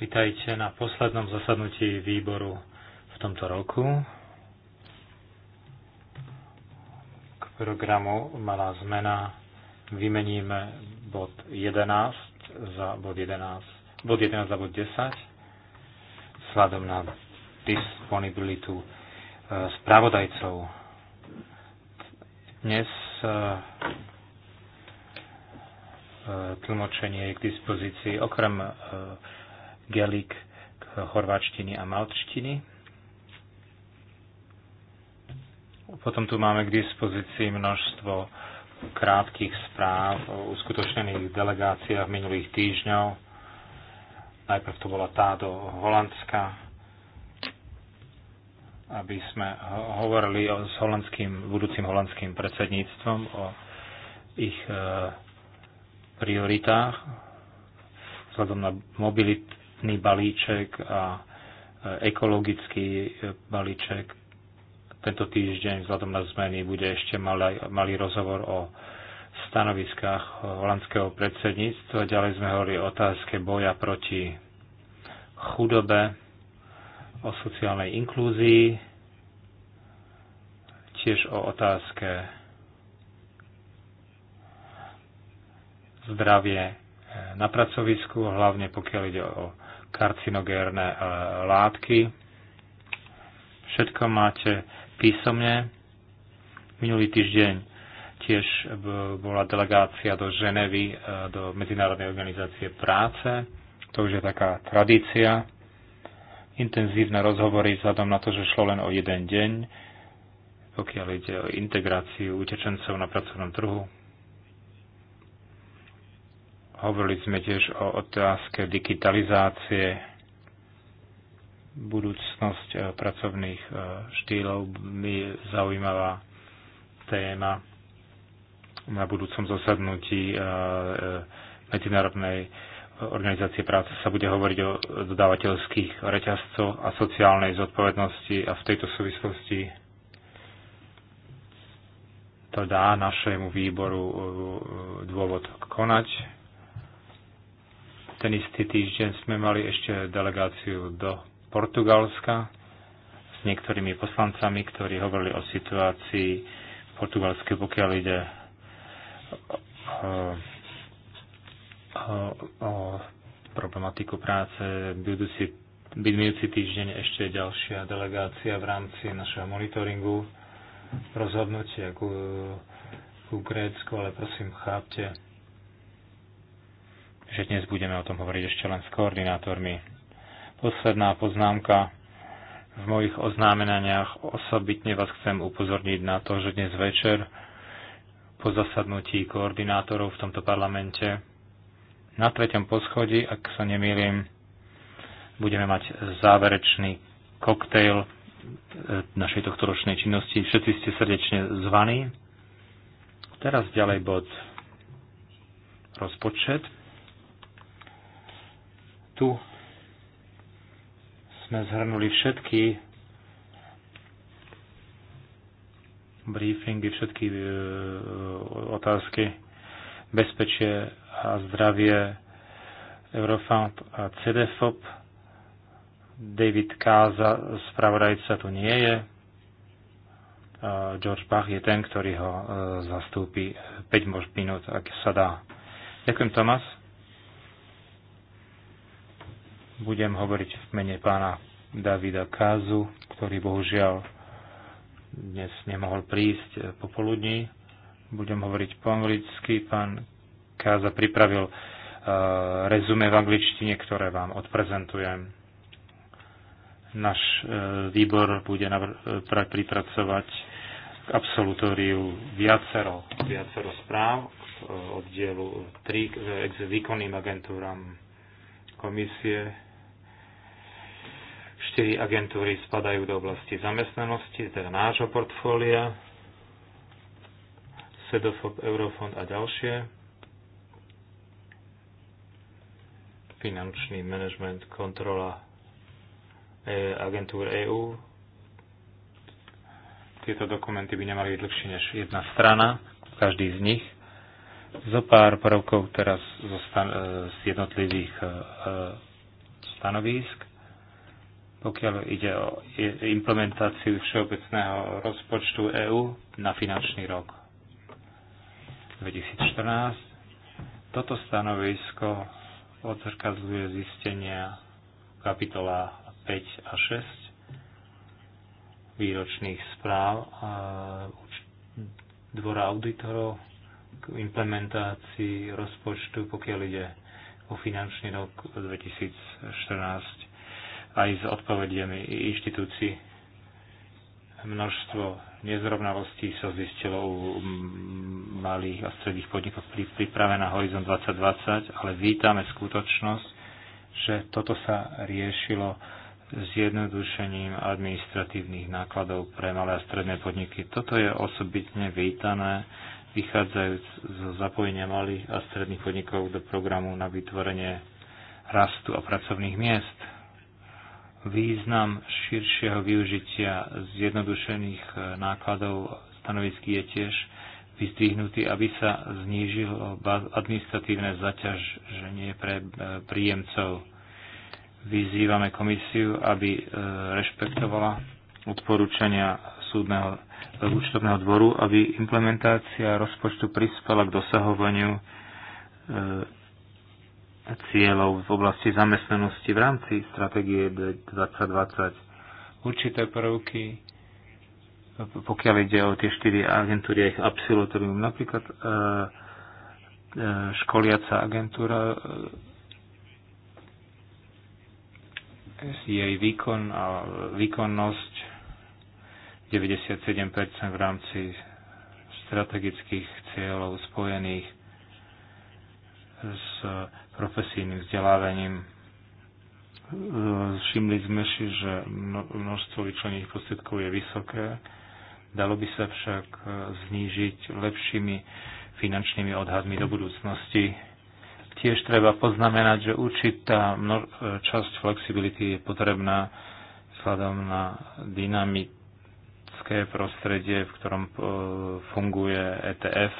Vítajte na poslednom zasadnutí výboru v tomto roku. K programu malá zmena. Vymeníme bod 11 za bod 11, bod 11 za bod 10 vzhľadom na disponibilitu e, spravodajcov. Dnes e, e, tlmočenie je k dispozícii okrem Gelik k chorváčtiny a malčtiny. Potom tu máme k dispozícii množstvo krátkých správ o uskutočnených delegáciách minulých týždňov. Najprv to bola tá do Holandska, aby sme hovorili o, s holandským, budúcim holandským predsedníctvom, o ich e, prioritách vzhľadom na mobilitu balíček a e, ekologický e, balíček. Tento týždeň vzhľadom na zmeny bude ešte malý, malý rozhovor o stanoviskách holandského predsedníctva. Ďalej sme hovorili o otázke boja proti chudobe, o sociálnej inklúzii, tiež o otázke zdravie e, na pracovisku, hlavne pokiaľ ide o karcinogérne e, látky. Všetko máte písomne. Minulý týždeň tiež bola delegácia do Ženevy, e, do Medzinárodnej organizácie práce. To už je taká tradícia. Intenzívne rozhovory vzhľadom na to, že šlo len o jeden deň, pokiaľ ide o integráciu utečencov na pracovnom trhu. Hovorili sme tiež o otázke digitalizácie, budúcnosť eh, pracovných eh, štýlov mi zaujímavá téma na budúcom zasadnutí eh, Medzinárodnej organizácie práce sa bude hovoriť o dodávateľských reťazcoch a sociálnej zodpovednosti a v tejto súvislosti to dá našemu výboru dôvod konať ten istý týždeň sme mali ešte delegáciu do Portugalska s niektorými poslancami, ktorí hovorili o situácii v Portugalsku, pokiaľ ide o, o, o problematiku práce. byť minúci týždeň ešte ďalšia delegácia v rámci našeho monitoringu rozhodnutia ku, ku Grécku, ale prosím, chápte, že dnes budeme o tom hovoriť ešte len s koordinátormi. Posledná poznámka. V mojich oznámenaniach osobitne vás chcem upozorniť na to, že dnes večer po zasadnutí koordinátorov v tomto parlamente na treťom poschodí, ak sa nemýlim, budeme mať záverečný koktejl e, našej tohto ročnej činnosti. Všetci ste srdečne zvaní. Teraz ďalej bod rozpočet. Tu sme zhrnuli všetky briefingy, všetky e, otázky bezpečie a zdravie Eurofound a CDFOP. David Káza, spravodajca, tu nie je. George Bach je ten, ktorý ho e, zastúpi 5 minút, ak sa dá. Ďakujem, Tomas. Budem hovoriť v mene pána Davida Kázu, ktorý bohužiaľ dnes nemohol prísť popoludní. Budem hovoriť po anglicky. Pán Káza pripravil uh, rezume v angličtine, ktoré vám odprezentujem. Náš uh, výbor bude pripracovať k absolutóriu viacero, viacero správ uh, oddielu 3 k výkonným agentúram komisie 4 agentúry spadajú do oblasti zamestnanosti, teda nášho portfólia, SEDOFOB, Eurofond a ďalšie. Finančný management kontrola e, agentúr EÚ. Tieto dokumenty by nemali byť dlhšie než jedna strana, každý z nich. Zo pár prvkov teraz zo stan- e, z jednotlivých e, e stanovísk pokiaľ ide o implementáciu všeobecného rozpočtu EÚ na finančný rok 2014. Toto stanovisko odzrkadľuje zistenia kapitola 5 a 6 výročných správ a dvora auditorov k implementácii rozpočtu, pokiaľ ide o finančný rok 2014 aj s odpovediami inštitúcií. Množstvo nezrovnalostí sa zistilo u malých a stredných podnikov pri príprave na Horizon 2020, ale vítame skutočnosť, že toto sa riešilo zjednodušením administratívnych nákladov pre malé a stredné podniky. Toto je osobitne vítané, vychádzajúc zo zapojenia malých a stredných podnikov do programu na vytvorenie rastu a pracovných miest. Význam širšieho využitia zjednodušených eh, nákladov stanovisky je tiež vystrihnutý, aby sa znížilo administratívne zaťaženie pre eh, príjemcov. Vyzývame komisiu, aby eh, rešpektovala odporúčania súdneho účtovného dvoru, aby implementácia rozpočtu prispela k dosahovaniu cieľov v oblasti zamestnanosti v rámci stratégie 2020. Určité prvky, pokiaľ ide o tie štyri agentúry a ich absolutorium, napríklad e, e, školiaca agentúra, e, jej výkon a výkonnosť 97% v rámci strategických cieľov spojených s profesijným vzdelávaním. E, všimli sme si, že množstvo vyčlených prostriedkov je vysoké. Dalo by sa však e, znížiť lepšími finančnými odhadmi do budúcnosti. Tiež treba poznamenať, že určitá e, časť flexibility je potrebná vzhľadom na dynamické prostredie, v ktorom funguje ETF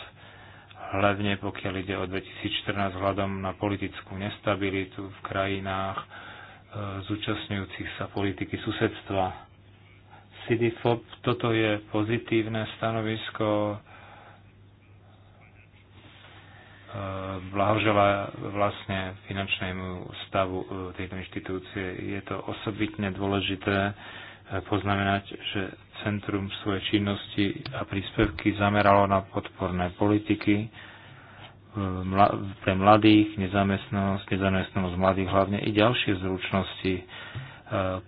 hlavne pokiaľ ide o 2014 hľadom na politickú nestabilitu v krajinách e, zúčastňujúcich sa politiky susedstva. CDFOP, toto je pozitívne stanovisko. E, blahožela vlastne finančnému stavu e, tejto inštitúcie. Je to osobitne dôležité poznamenať, že centrum svoje činnosti a príspevky zameralo na podporné politiky e, pre mladých, nezamestnanosť, nezamestnanosť mladých hlavne i ďalšie zručnosti, e,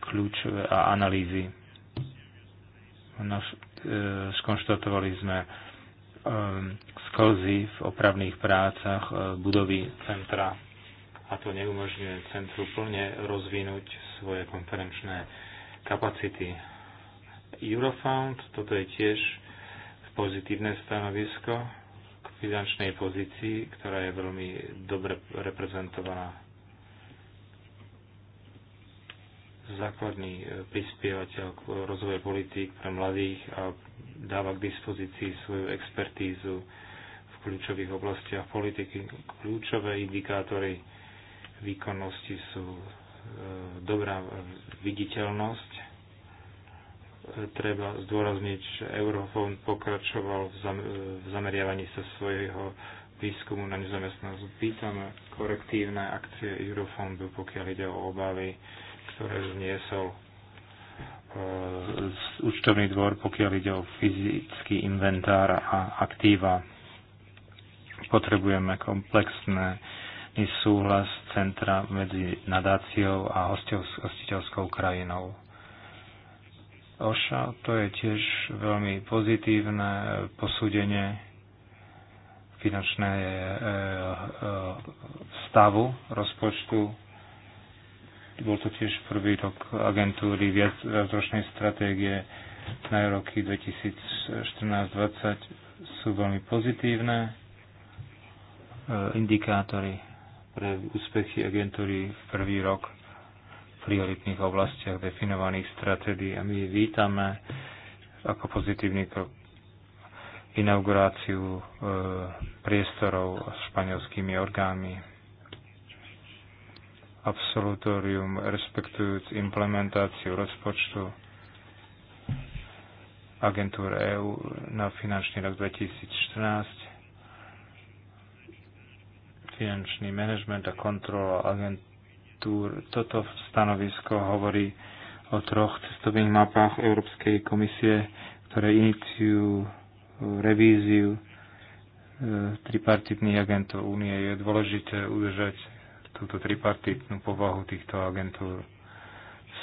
kľúčové a analýzy. Naš, e, skonštatovali sme sklzy v opravných prácach budovy centra a to neumožňuje centru plne rozvinúť svoje konferenčné kapacity. Eurofound, toto je tiež pozitívne stanovisko k finančnej pozícii, ktorá je veľmi dobre reprezentovaná. Základný e, prispievateľ k rozvoju politík pre mladých a dáva k dispozícii svoju expertízu v kľúčových oblastiach politiky. Kľúčové indikátory výkonnosti sú e, dobrá viditeľnosť, treba zdôrazniť, že Eurofond pokračoval v, zam- v zameriavaní sa svojho výskumu na nezamestnanosť. Vítame korektívne akcie Eurofondu, pokiaľ ide o obavy, ktoré zniesol e, účtovný dvor, pokiaľ ide o fyzický inventár a aktíva. Potrebujeme komplexné súhlas centra medzi nadáciou a hostiteľskou krajinou OŠA, to je tiež veľmi pozitívne posúdenie finančné e, e, stavu rozpočtu. Bol to tiež prvý rok agentúry viac, viacročnej stratégie na roky 2014-2020 sú veľmi pozitívne e, indikátory pre úspechy agentúry v prvý rok prioritných oblastiach definovaných stratégií a my vítame ako pozitívny krok inauguráciu e, priestorov s španielskými orgánmi. Absolutórium respektujúc implementáciu rozpočtu agentúr EÚ na finančný rok 2014 finančný manažment a kontrola agent agentúr. Toto stanovisko hovorí o troch cestovných mapách Európskej komisie, ktoré iniciujú e, revíziu e, tripartitných agentov únie. Je dôležité udržať túto tripartitnú povahu týchto agentúr.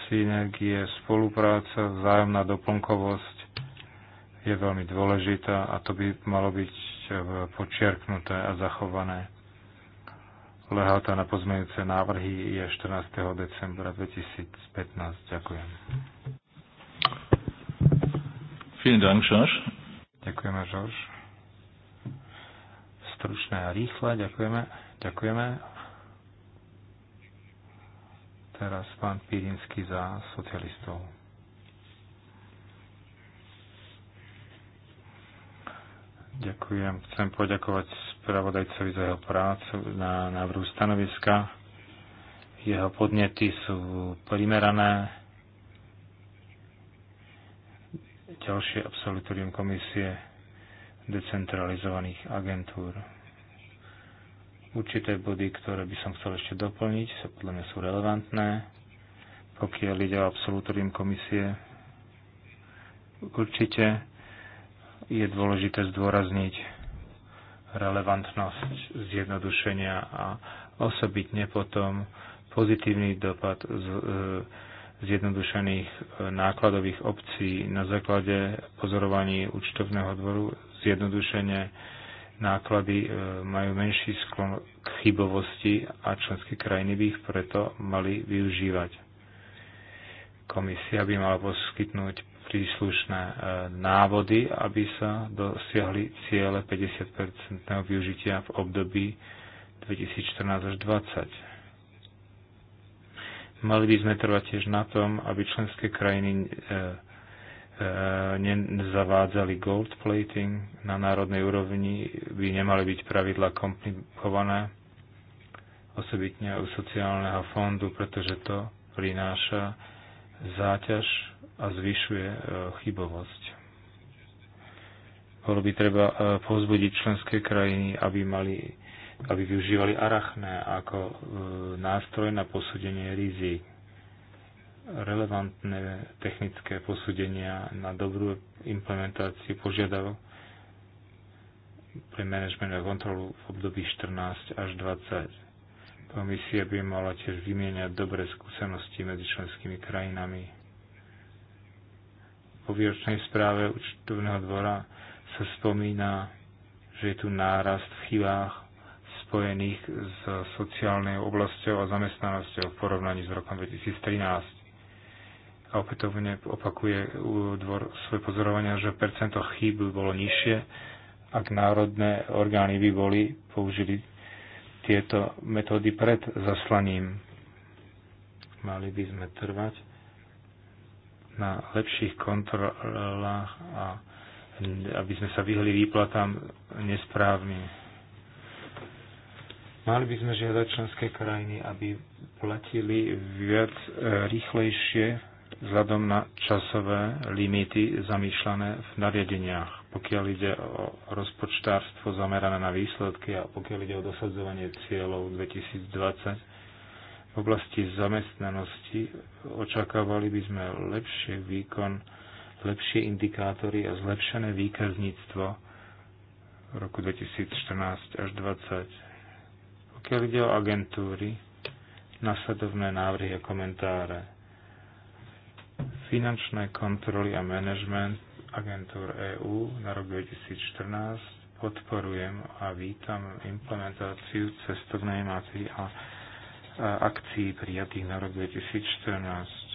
Synergie, spolupráca, vzájomná doplnkovosť je veľmi dôležitá a to by malo byť e, počiarknuté a zachované Lehota na pozmeňujúce návrhy je 14. decembra 2015. Ďakujem. Vielen Dank, Žorž. Ďakujeme, Žorž. Stručné a rýchle, ďakujeme. Ďakujeme. Teraz pán Pírinsky za socialistov. Ďakujem. Chcem poďakovať spravodajcovi za jeho prácu na návrhu stanoviska. Jeho podnety sú primerané. Ďalšie absolutorium komisie decentralizovaných agentúr. Určité body, ktoré by som chcel ešte doplniť, sa podľa mňa sú relevantné. Pokiaľ ide o absolutorium komisie, určite je dôležité zdôrazniť relevantnosť zjednodušenia a osobitne potom pozitívny dopad z, e, zjednodušených e, nákladových obcí na základe pozorovaní účtovného dvoru zjednodušenie náklady e, majú menší sklon k chybovosti a členské krajiny by ich preto mali využívať. Komisia by mala poskytnúť príslušné e, návody, aby sa dosiahli ciele 50 využitia v období 2014 až 2020. Mali by sme trvať tiež na tom, aby členské krajiny e, e, nezavádzali gold plating na národnej úrovni, by nemali byť pravidla komplikované, osobitne u sociálneho fondu, pretože to prináša záťaž a zvyšuje e, chybovosť. Bolo by treba e, povzbudiť členské krajiny, aby, mali, aby využívali arachné ako e, nástroj na posúdenie rizik relevantné technické posúdenia na dobrú implementáciu požiadavok pre management a kontrolu v období 14 až 20. Komisia by mala tiež vymieňať dobré skúsenosti medzi členskými krajinami po výročnej správe účtovného dvora sa spomína, že je tu nárast v chybách spojených s sociálnej oblasťou a zamestnanosťou v porovnaní s rokom 2013 a opätovne opakuje dvor svoje pozorovania, že percento chýb by bolo nižšie, ak národné orgány by boli použili tieto metódy pred zaslaním. Mali by sme trvať na lepších kontrolách a aby sme sa vyhli výplatám nesprávne. Mali by sme žiadať členské krajiny, aby platili viac e, rýchlejšie vzhľadom na časové limity zamýšľané v nariadeniach, pokiaľ ide o rozpočtárstvo zamerané na výsledky a pokiaľ ide o dosadzovanie cieľov 2020 v oblasti zamestnanosti očakávali by sme lepšie výkon, lepšie indikátory a zlepšené výkazníctvo v roku 2014 až 2020. Pokiaľ ide o agentúry, nasledovné návrhy a komentáre finančné kontroly a management agentúr EÚ na rok 2014 podporujem a vítam implementáciu cestovnej mapy a akcií prijatých na rok 2014.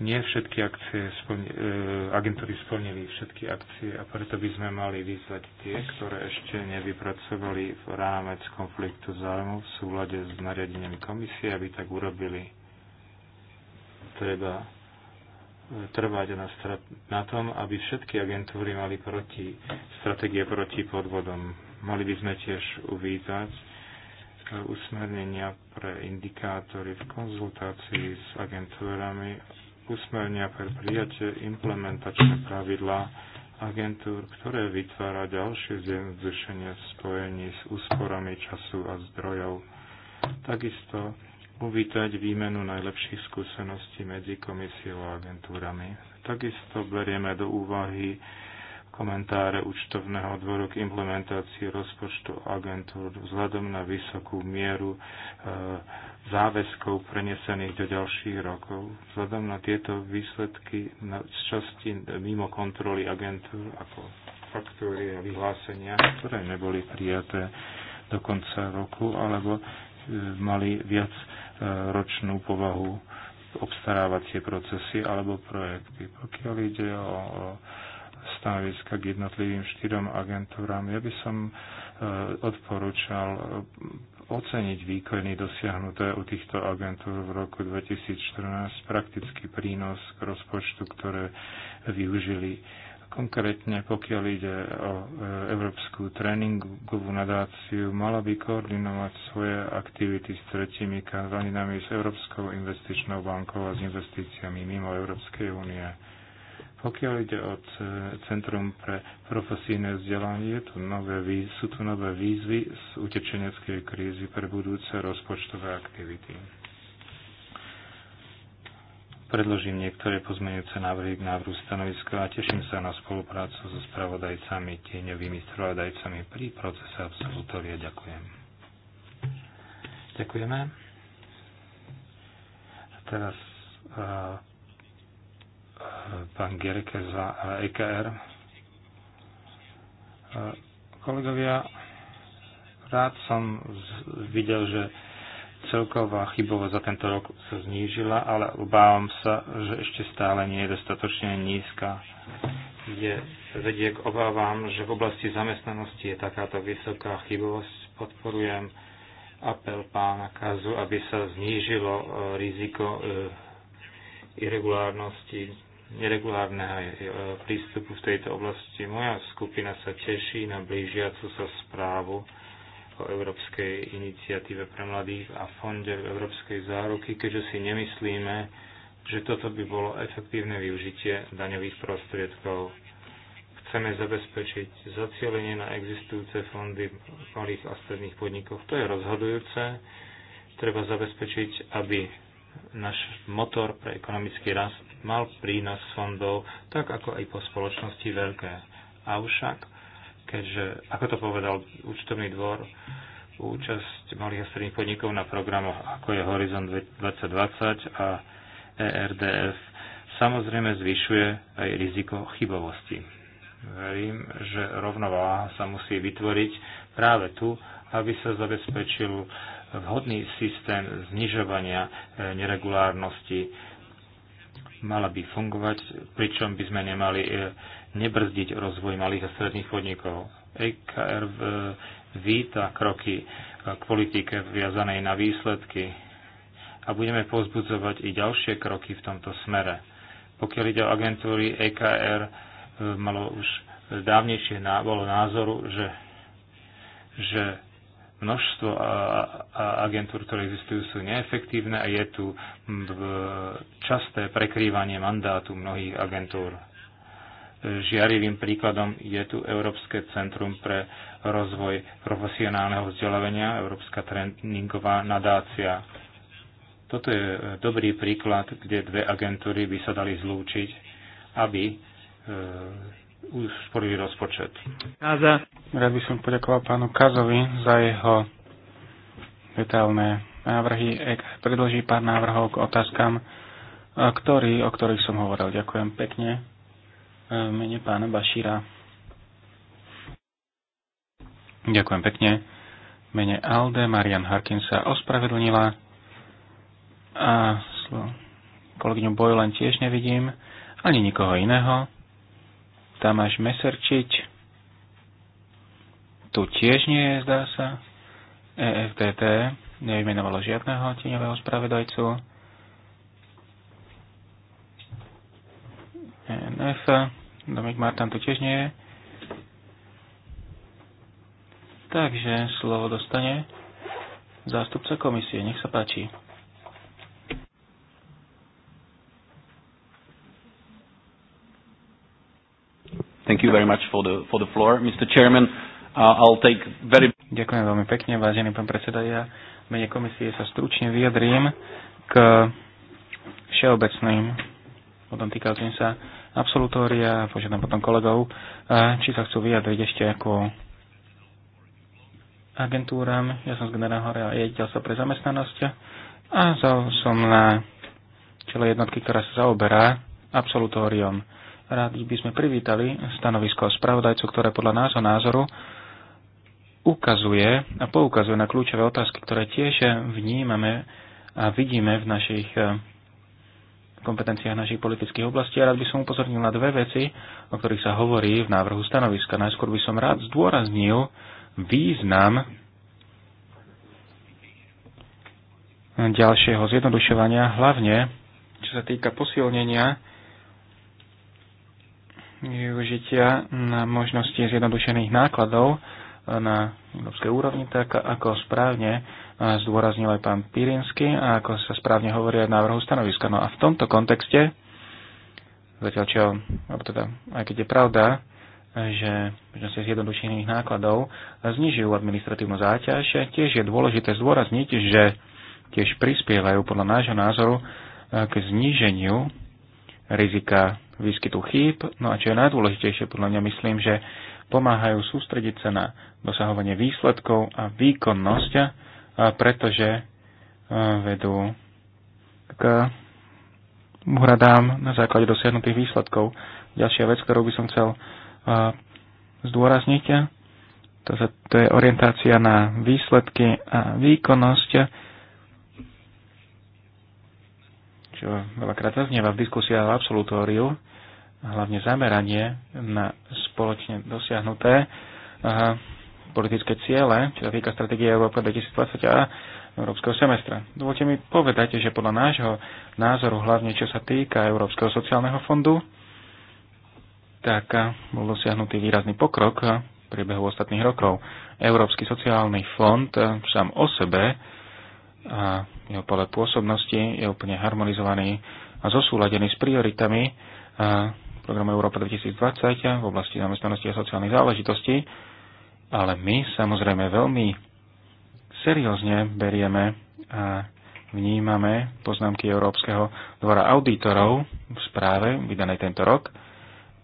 Nie všetky akcie e, agentúry splnili všetky akcie a preto by sme mali vyzvať tie, ktoré ešte nevypracovali v rámec konfliktu zájmu v súlade s nariadeniami komisie, aby tak urobili. Treba e, trvať na, na tom, aby všetky agentúry mali proti, stratégie proti podvodom. Mali by sme tiež uvítať usmernenia pre indikátory v konzultácii s agentúrami, usmernenia pre prijatie implementačné pravidlá agentúr, ktoré vytvára ďalšie zjednodušenie v spojení s úsporami času a zdrojov. Takisto uvítať výmenu najlepších skúseností medzi komisiou a agentúrami. Takisto berieme do úvahy komentáre účtovného dvoru k implementácii rozpočtu agentúr vzhľadom na vysokú mieru e, záväzkov prenesených do ďalších rokov. Vzhľadom na tieto výsledky z časti mimo kontroly agentúr ako faktúry a vyhlásenia, ktoré neboli prijaté do konca roku alebo e, mali viac e, ročnú povahu obstarávacie procesy alebo projekty. Pokiaľ ide o, o stanoviska k jednotlivým štyrom agentúram. Ja by som eh, odporúčal eh, oceniť výkony dosiahnuté u týchto agentúr v roku 2014, praktický prínos k rozpočtu, ktoré využili. Konkrétne, pokiaľ ide o eh, Európsku tréningovú nadáciu, mala by koordinovať svoje aktivity s tretimi kravinami s Európskou investičnou bankou a s investíciami mimo Európskej únie pokiaľ ide o Centrum pre profesijné vzdelanie, tu nové výzvy, sú tu nové výzvy z utečeneckej krízy pre budúce rozpočtové aktivity. Predložím niektoré pozmeňujúce návrhy k návrhu stanoviska a teším sa na spoluprácu so spravodajcami, tieňovými spravodajcami pri procese absolutória. Ďakujem. Ďakujeme. A teraz uh, pán Gerke za EKR. Kolegovia, rád som videl, že celková chybovosť za tento rok sa znížila, ale obávam sa, že ešte stále nie je dostatočne nízka. Je, vedie k obávam, že v oblasti zamestnanosti je takáto vysoká chybovosť. Podporujem apel pána Kazu, aby sa znížilo e, riziko e, irregulárnosti neregulárneho e, prístupu v tejto oblasti. Moja skupina sa teší na blížiacu sa správu o Európskej iniciatíve pre mladých a Fonde Európskej záruky, keďže si nemyslíme, že toto by bolo efektívne využitie daňových prostriedkov. Chceme zabezpečiť zacielenie na existujúce fondy malých a stredných podnikov. To je rozhodujúce. Treba zabezpečiť, aby náš motor pre ekonomický rast mal prínos fondov, tak ako aj po spoločnosti veľké. Avšak, keďže, ako to povedal účtovný dvor, účasť malých a stredných podnikov na programoch, ako je Horizon 2020 a ERDF, samozrejme zvyšuje aj riziko chybovosti. Verím, že rovnováha sa musí vytvoriť práve tu, aby sa zabezpečil vhodný systém znižovania e, neregulárnosti mala by fungovať, pričom by sme nemali e, nebrzdiť rozvoj malých a stredných podnikov. EKR víta kroky e, k politike viazanej na výsledky a budeme pozbudzovať i ďalšie kroky v tomto smere. Pokiaľ ide o agentúry EKR, e, malo už dávnejšie bolo názoru, že, že množstvo a, a agentúr, ktoré existujú, sú neefektívne a je tu časté prekrývanie mandátu mnohých agentúr. Žiarivým príkladom je tu Európske centrum pre rozvoj profesionálneho vzdelávania, Európska tréningová nadácia. Toto je e, dobrý príklad, kde dve agentúry by sa dali zlúčiť, aby e, úsporný rozpočet. Káza. Rád by som poďakoval pánu Kazovi za jeho detailné návrhy. Ek predloží pár návrhov k otázkam, ktorý, o ktorých som hovoril. Ďakujem pekne. E, mene pána Bašíra. Ďakujem pekne. Mene Alde Marian Harkin sa ospravedlnila a kolegyňu Bojlen tiež nevidím, ani nikoho iného. Tamáš Meserčič, tu tiež nie je, zdá sa. EFDT. nevymenovalo žiadneho tieňového spravedajcu. E NF. Dominik Martan tu tiež nie je. Takže slovo dostane zástupca komisie. Nech sa páči. Thank you very much for the, for the floor. Mr. Chairman, uh, I'll take very... Ďakujem veľmi pekne, vážený pán predseda. Ja mene komisie sa stručne vyjadrím k všeobecným potom týkajúcim sa absolutória. Požiadam potom kolegov, uh, či sa chcú vyjadriť ešte ako agentúram. Ja som z generálneho riaditeľstva pre zamestnanosť a som na čele jednotky, ktorá sa zaoberá absolutóriom. Rádi by sme privítali stanovisko spravodajcu, ktoré podľa nášho názoru ukazuje a poukazuje na kľúčové otázky, ktoré tiež vnímame a vidíme v našich eh, kompetenciách našich politických oblastí. A rád by som upozornil na dve veci, o ktorých sa hovorí v návrhu stanoviska. Najskôr by som rád zdôraznil význam ďalšieho zjednodušovania, hlavne čo sa týka posilnenia využitia na možnosti zjednodušených nákladov e, na európskej úrovni, tak ako správne e, zdôraznil aj pán Pirinsky a ako sa správne hovorí aj v návrhu stanoviska. No a v tomto kontexte, zatiaľ čo, alebo teda, aj keď je pravda, že možnosti zjednodušených nákladov znižujú administratívnu záťaž, tiež je dôležité zdôrazniť, že tiež prispievajú podľa nášho názoru e, k zníženiu rizika výskytu chýb. No a čo je najdôležitejšie, podľa mňa myslím, že pomáhajú sústrediť sa na dosahovanie výsledkov a výkonnosť, pretože e, vedú k uhradám na základe dosiahnutých výsledkov. Ďalšia vec, ktorú by som chcel e, zdôrazniť, to, to je orientácia na výsledky a výkonnosť, čo veľakrát zaznieva v diskusiách o absolutóriu hlavne zameranie na spoločne dosiahnuté politické ciele, čo sa týka stratégie Európa 2020 a Európskeho semestra. Dovolte mi povedať, že podľa nášho názoru, hlavne čo sa týka Európskeho sociálneho fondu, tak bol dosiahnutý výrazný pokrok v priebehu ostatných rokov. Európsky sociálny fond sám o sebe a jeho pole pôsobnosti je úplne harmonizovaný a zosúladený s prioritami programu Európa 2020 v oblasti zamestnanosti a sociálnych záležitostí, ale my samozrejme veľmi seriózne berieme a vnímame poznámky Európskeho dvora auditorov v správe vydanej tento rok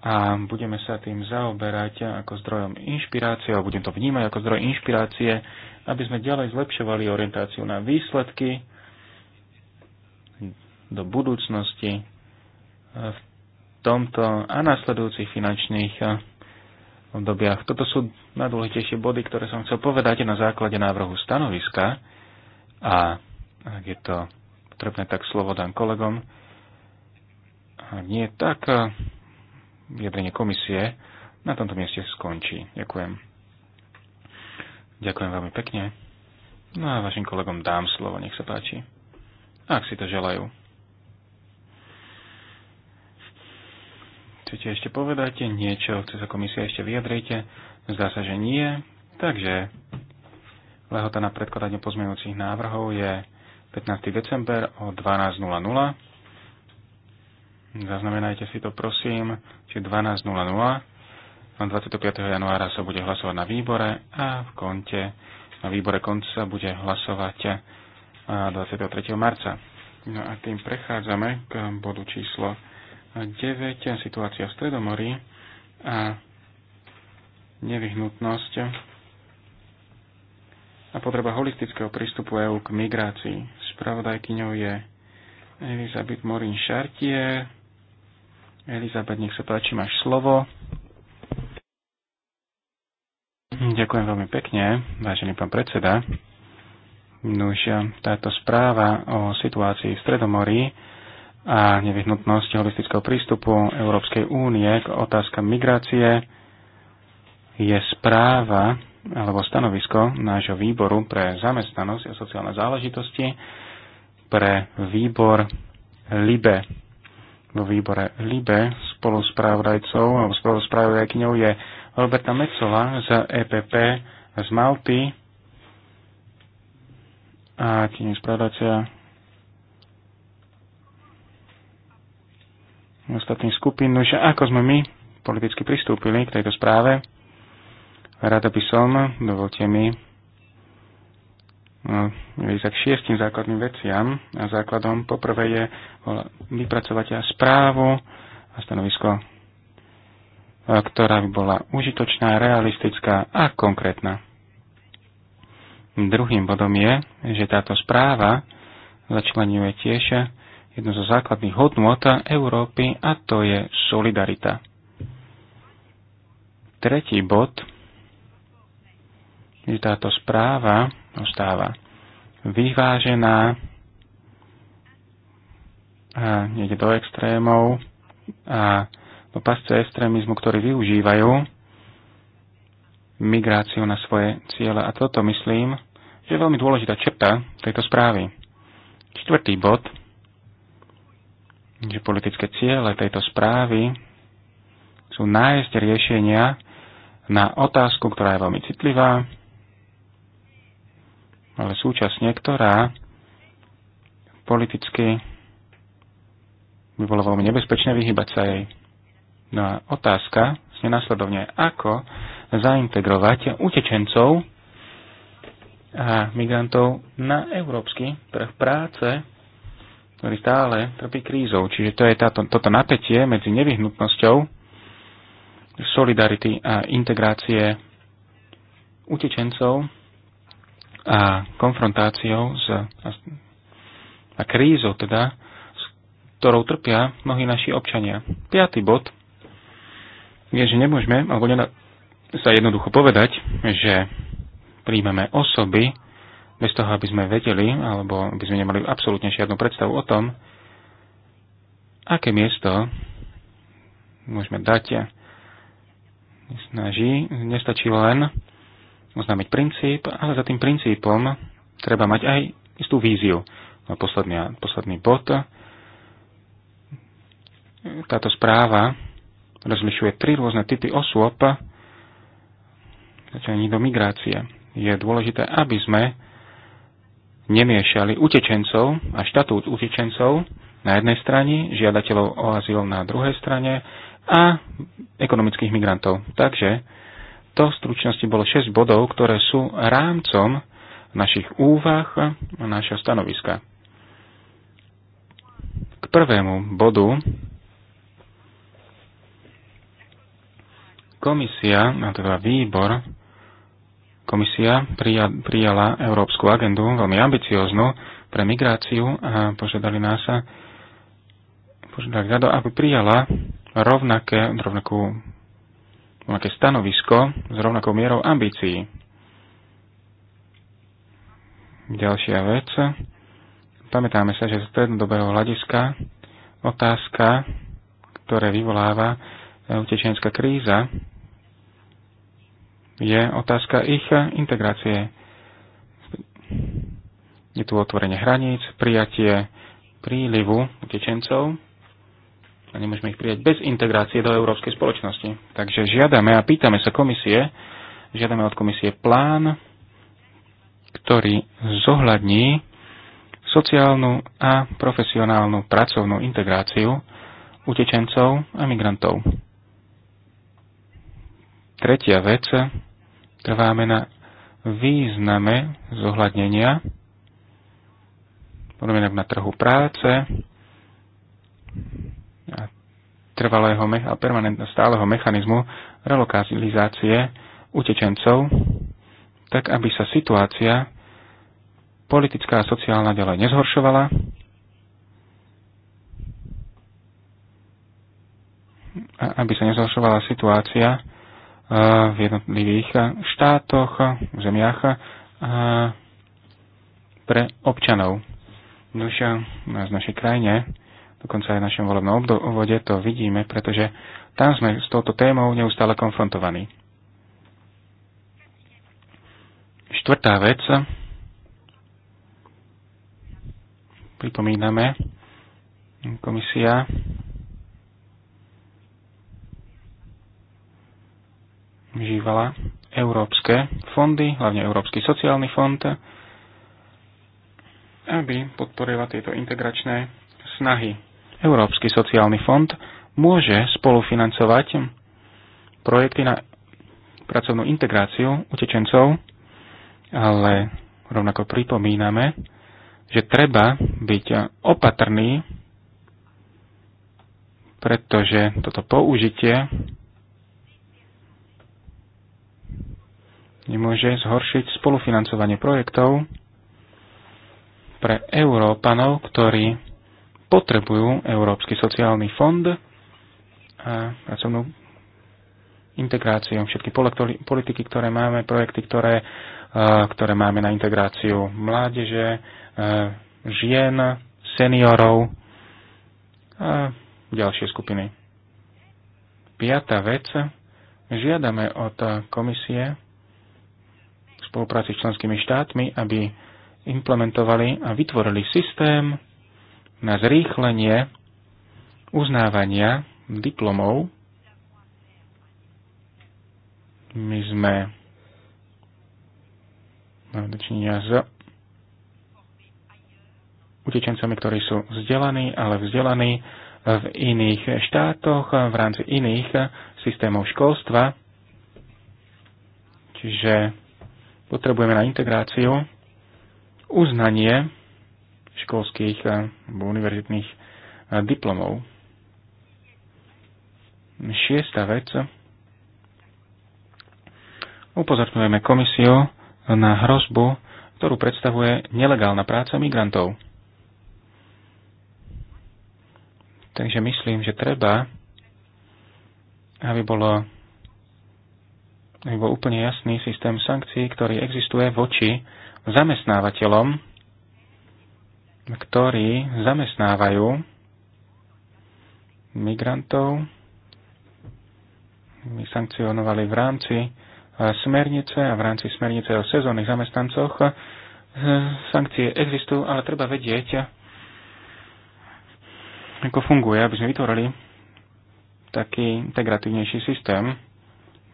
a budeme sa tým zaoberať ako zdrojom inšpirácie, alebo budem to vnímať ako zdroj inšpirácie, aby sme ďalej zlepšovali orientáciu na výsledky do budúcnosti v tomto a nasledujúcich finančných eh, obdobiach. Toto sú najdôležitejšie body, ktoré som chcel povedať na základe návrhu stanoviska a ak je to potrebné, tak slovo dám kolegom. Ak nie, tak eh, vyjadrenie komisie na tomto mieste skončí. Ďakujem. Ďakujem veľmi pekne. No a vašim kolegom dám slovo, nech sa páči. Ak si to želajú. Chcete ešte povedať niečo? Chce sa komisia ešte vyjadriť? Zdá sa, že nie. Takže lehota na predkladanie pozmeňujúcich návrhov je 15. december o 12.00. Zaznamenajte si to prosím, či 12.00. 25. januára sa bude hlasovať na výbore a v konte na výbore konca bude hlasovať 23. marca. No a tým prechádzame k bodu číslo 9, situácia v Stredomorí a nevyhnutnosť a potreba holistického prístupu EÚ k migrácii. Spravodajkyňou je Elizabeth Morin Chartier. Elizabeth, nech sa páči, máš slovo. Ďakujem veľmi pekne, vážený pán predseda. Nož, táto správa o situácii v Stredomorí a nevyhnutnosť holistického prístupu Európskej únie k otázkam migrácie je správa alebo stanovisko nášho výboru pre zamestnanosť a sociálne záležitosti pre výbor LIBE. Vo výbore LIBE spolu s alebo spolu s je Roberta Mecola z EPP z Malty a tým spravodajca ostatných skupín. No ako sme my politicky pristúpili k tejto správe, rada by som, dovolte mi, sa no, k šiestim základným veciam. A základom poprvé je vypracovať správu a stanovisko, ktorá by bola užitočná, realistická a konkrétna. Druhým bodom je, že táto správa začlenuje tiež jednu zo základných hodnot Európy a to je solidarita. Tretí bod, že táto správa ostáva vyvážená, a niekde do extrémov a do pasce extrémizmu, ktorí využívajú migráciu na svoje ciele. A toto myslím, že je veľmi dôležitá čerta tejto správy. Čtvrtý bod, že politické ciele tejto správy sú nájsť riešenia na otázku, ktorá je veľmi citlivá, ale súčasne, ktorá politicky by bolo veľmi nebezpečné vyhybať sa jej. No a otázka je následovne, ako zaintegrovať utečencov a migrantov na európsky trh práce ktorý stále trpí krízou. Čiže to je táto, toto napätie medzi nevyhnutnosťou solidarity a integrácie utečencov a konfrontáciou s, a, a krízou, teda, s ktorou trpia mnohí naši občania. Piatý bod je, že nemôžeme, alebo nedá sa jednoducho povedať, že príjmeme osoby, bez toho, aby sme vedeli, alebo by sme nemali absolútne žiadnu predstavu o tom, aké miesto môžeme dať. Nesnaží, nestačí len oznámiť princíp, ale za tým princípom treba mať aj istú víziu. No posledný, posledný bod. Táto správa rozlišuje tri rôzne typy osôb, začaní do migrácie. Je dôležité, aby sme nemiešali utečencov a štatút utečencov na jednej strane, žiadateľov o azyl na druhej strane a ekonomických migrantov. Takže to v stručnosti bolo 6 bodov, ktoré sú rámcom našich úvah a našho stanoviska. K prvému bodu komisia, teda výbor, Komisia prija, prijala európsku agendu, veľmi ambicióznu, pre migráciu a požiadali nás, požiadali rado, aby prijala rovnaké, rovnakú, rovnaké stanovisko s rovnakou mierou ambícií. Ďalšia vec. Pamätáme sa, že z strednodobého hľadiska otázka, ktoré vyvoláva utečenská kríza, je otázka ich integrácie. Je tu otvorenie hraníc, prijatie prílivu utečencov a nemôžeme ich prijať bez integrácie do európskej spoločnosti. Takže žiadame a pýtame sa komisie, žiadame od komisie plán, ktorý zohľadní sociálnu a profesionálnu pracovnú integráciu utečencov a migrantov. Tretia vec, trváme na význame zohľadnenia podobne na trhu práce a trvalého a permanentného stáleho mechanizmu relokalizácie utečencov, tak aby sa situácia politická a sociálna ďalej nezhoršovala a aby sa nezhoršovala situácia v jednotlivých štátoch, v zemiach pre občanov. Už z našej krajine, dokonca aj v našom volebnom obvode to vidíme, pretože tam sme s touto témou neustále konfrontovaní. Štvrtá vec. Pripomíname, komisia využívala európske fondy, hlavne Európsky sociálny fond, aby podporila tieto integračné snahy. Európsky sociálny fond môže spolufinancovať projekty na pracovnú integráciu utečencov, ale rovnako pripomíname, že treba byť opatrný, pretože toto použitie nemôže zhoršiť spolufinancovanie projektov pre Európanov, ktorí potrebujú Európsky sociálny fond a pracovnú integráciu. Všetky politiky, ktoré máme, projekty, ktoré, e, ktoré máme na integráciu mládeže, e, žien, seniorov a ďalšie skupiny. Piatá vec. Žiadame od komisie, spolupráci s členskými štátmi, aby implementovali a vytvorili systém na zrýchlenie uznávania diplomov. My sme mali dočinenia s utečencami, ktorí sú vzdelaní, ale vzdelaní v iných štátoch, v rámci iných systémov školstva. Čiže Potrebujeme na integráciu uznanie školských eh, alebo univerzitných eh, diplomov. Šiesta vec. Upozorňujeme komisiu na hrozbu, ktorú predstavuje nelegálna práca migrantov. Takže myslím, že treba, aby bolo aby bol úplne jasný systém sankcií, ktorý existuje voči zamestnávateľom, ktorí zamestnávajú migrantov. My sankcionovali v rámci e, smernice a v rámci smernice o sezónnych zamestnancoch. E, sankcie existujú, ale treba vedieť, ako funguje, aby sme vytvorili taký integratívnejší systém.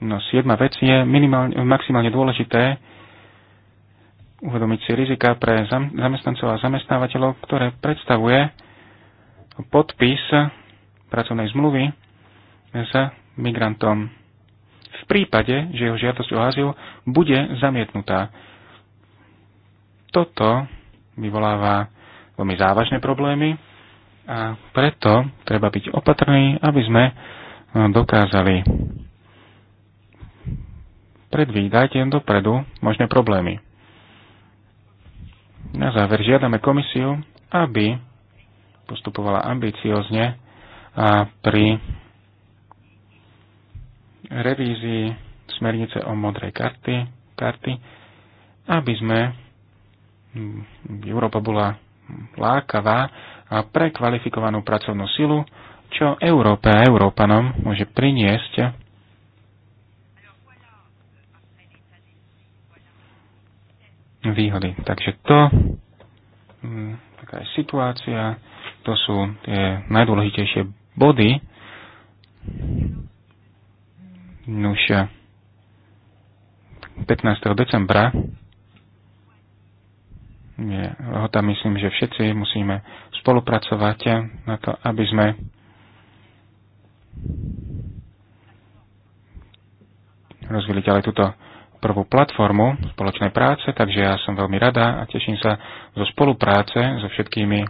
No siedma vec je minimálne, maximálne dôležité uvedomiť si rizika pre zamestnancov a zamestnávateľov, ktoré predstavuje podpis pracovnej zmluvy s migrantom. V prípade, že jeho žiadosť o azyl bude zamietnutá. Toto vyvoláva veľmi závažné problémy a preto treba byť opatrný, aby sme dokázali predvídať dopredu možné problémy. Na záver žiadame komisiu, aby postupovala ambiciozne a pri revízii smernice o modrej karty, karty aby sme hm, Európa bola lákavá a prekvalifikovanú pracovnú silu, čo Európe a Európanom môže priniesť výhody. Takže to, mm, taká je situácia, to sú tie najdôležitejšie body. Nuž 15. Eh, decembra je hota, myslím, že všetci musíme spolupracovať na to, aby sme rozvili ďalej túto prvú platformu spoločnej práce, takže ja som veľmi rada a teším sa zo spolupráce so všetkými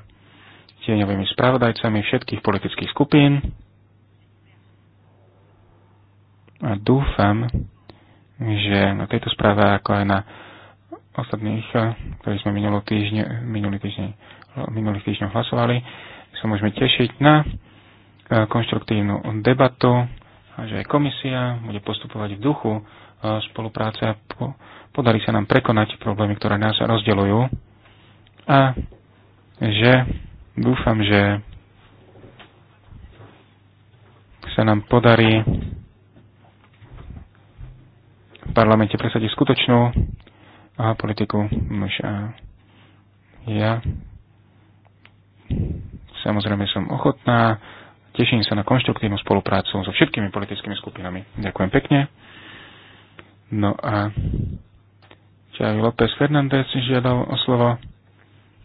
tieňovými spravodajcami všetkých politických skupín. A dúfam, že na tejto správe, ako aj na ostatných, ktorí sme minulý týždeň, minulý týždeň, minulý týždeň hlasovali, sa môžeme tešiť na e, konštruktívnu debatu a že aj komisia bude postupovať v duchu spolupráce a podarí sa nám prekonať problémy, ktoré nás rozdeľujú. A že dúfam, že sa nám podarí v parlamente presadiť skutočnú politiku. Ja samozrejme som ochotná, teším sa na konštruktívnu spoluprácu so všetkými politickými skupinami. Ďakujem pekne. No a Čavi López Fernández žiadal o slovo.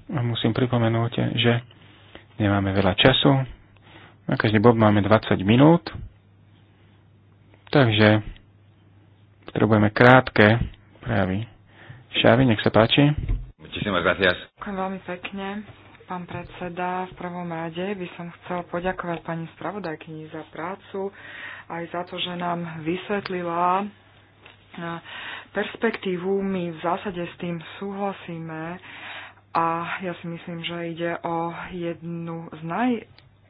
A musím pripomenúť, že nemáme veľa času. Na každý bod máme 20 minút. Takže potrebujeme krátke prejavy. Šavi, nech sa páči. Ďakujem veľmi pekne pán predseda, v prvom rade by som chcel poďakovať pani spravodajkyni za prácu, aj za to, že nám vysvetlila perspektívu. My v zásade s tým súhlasíme a ja si myslím, že ide o jednu z naj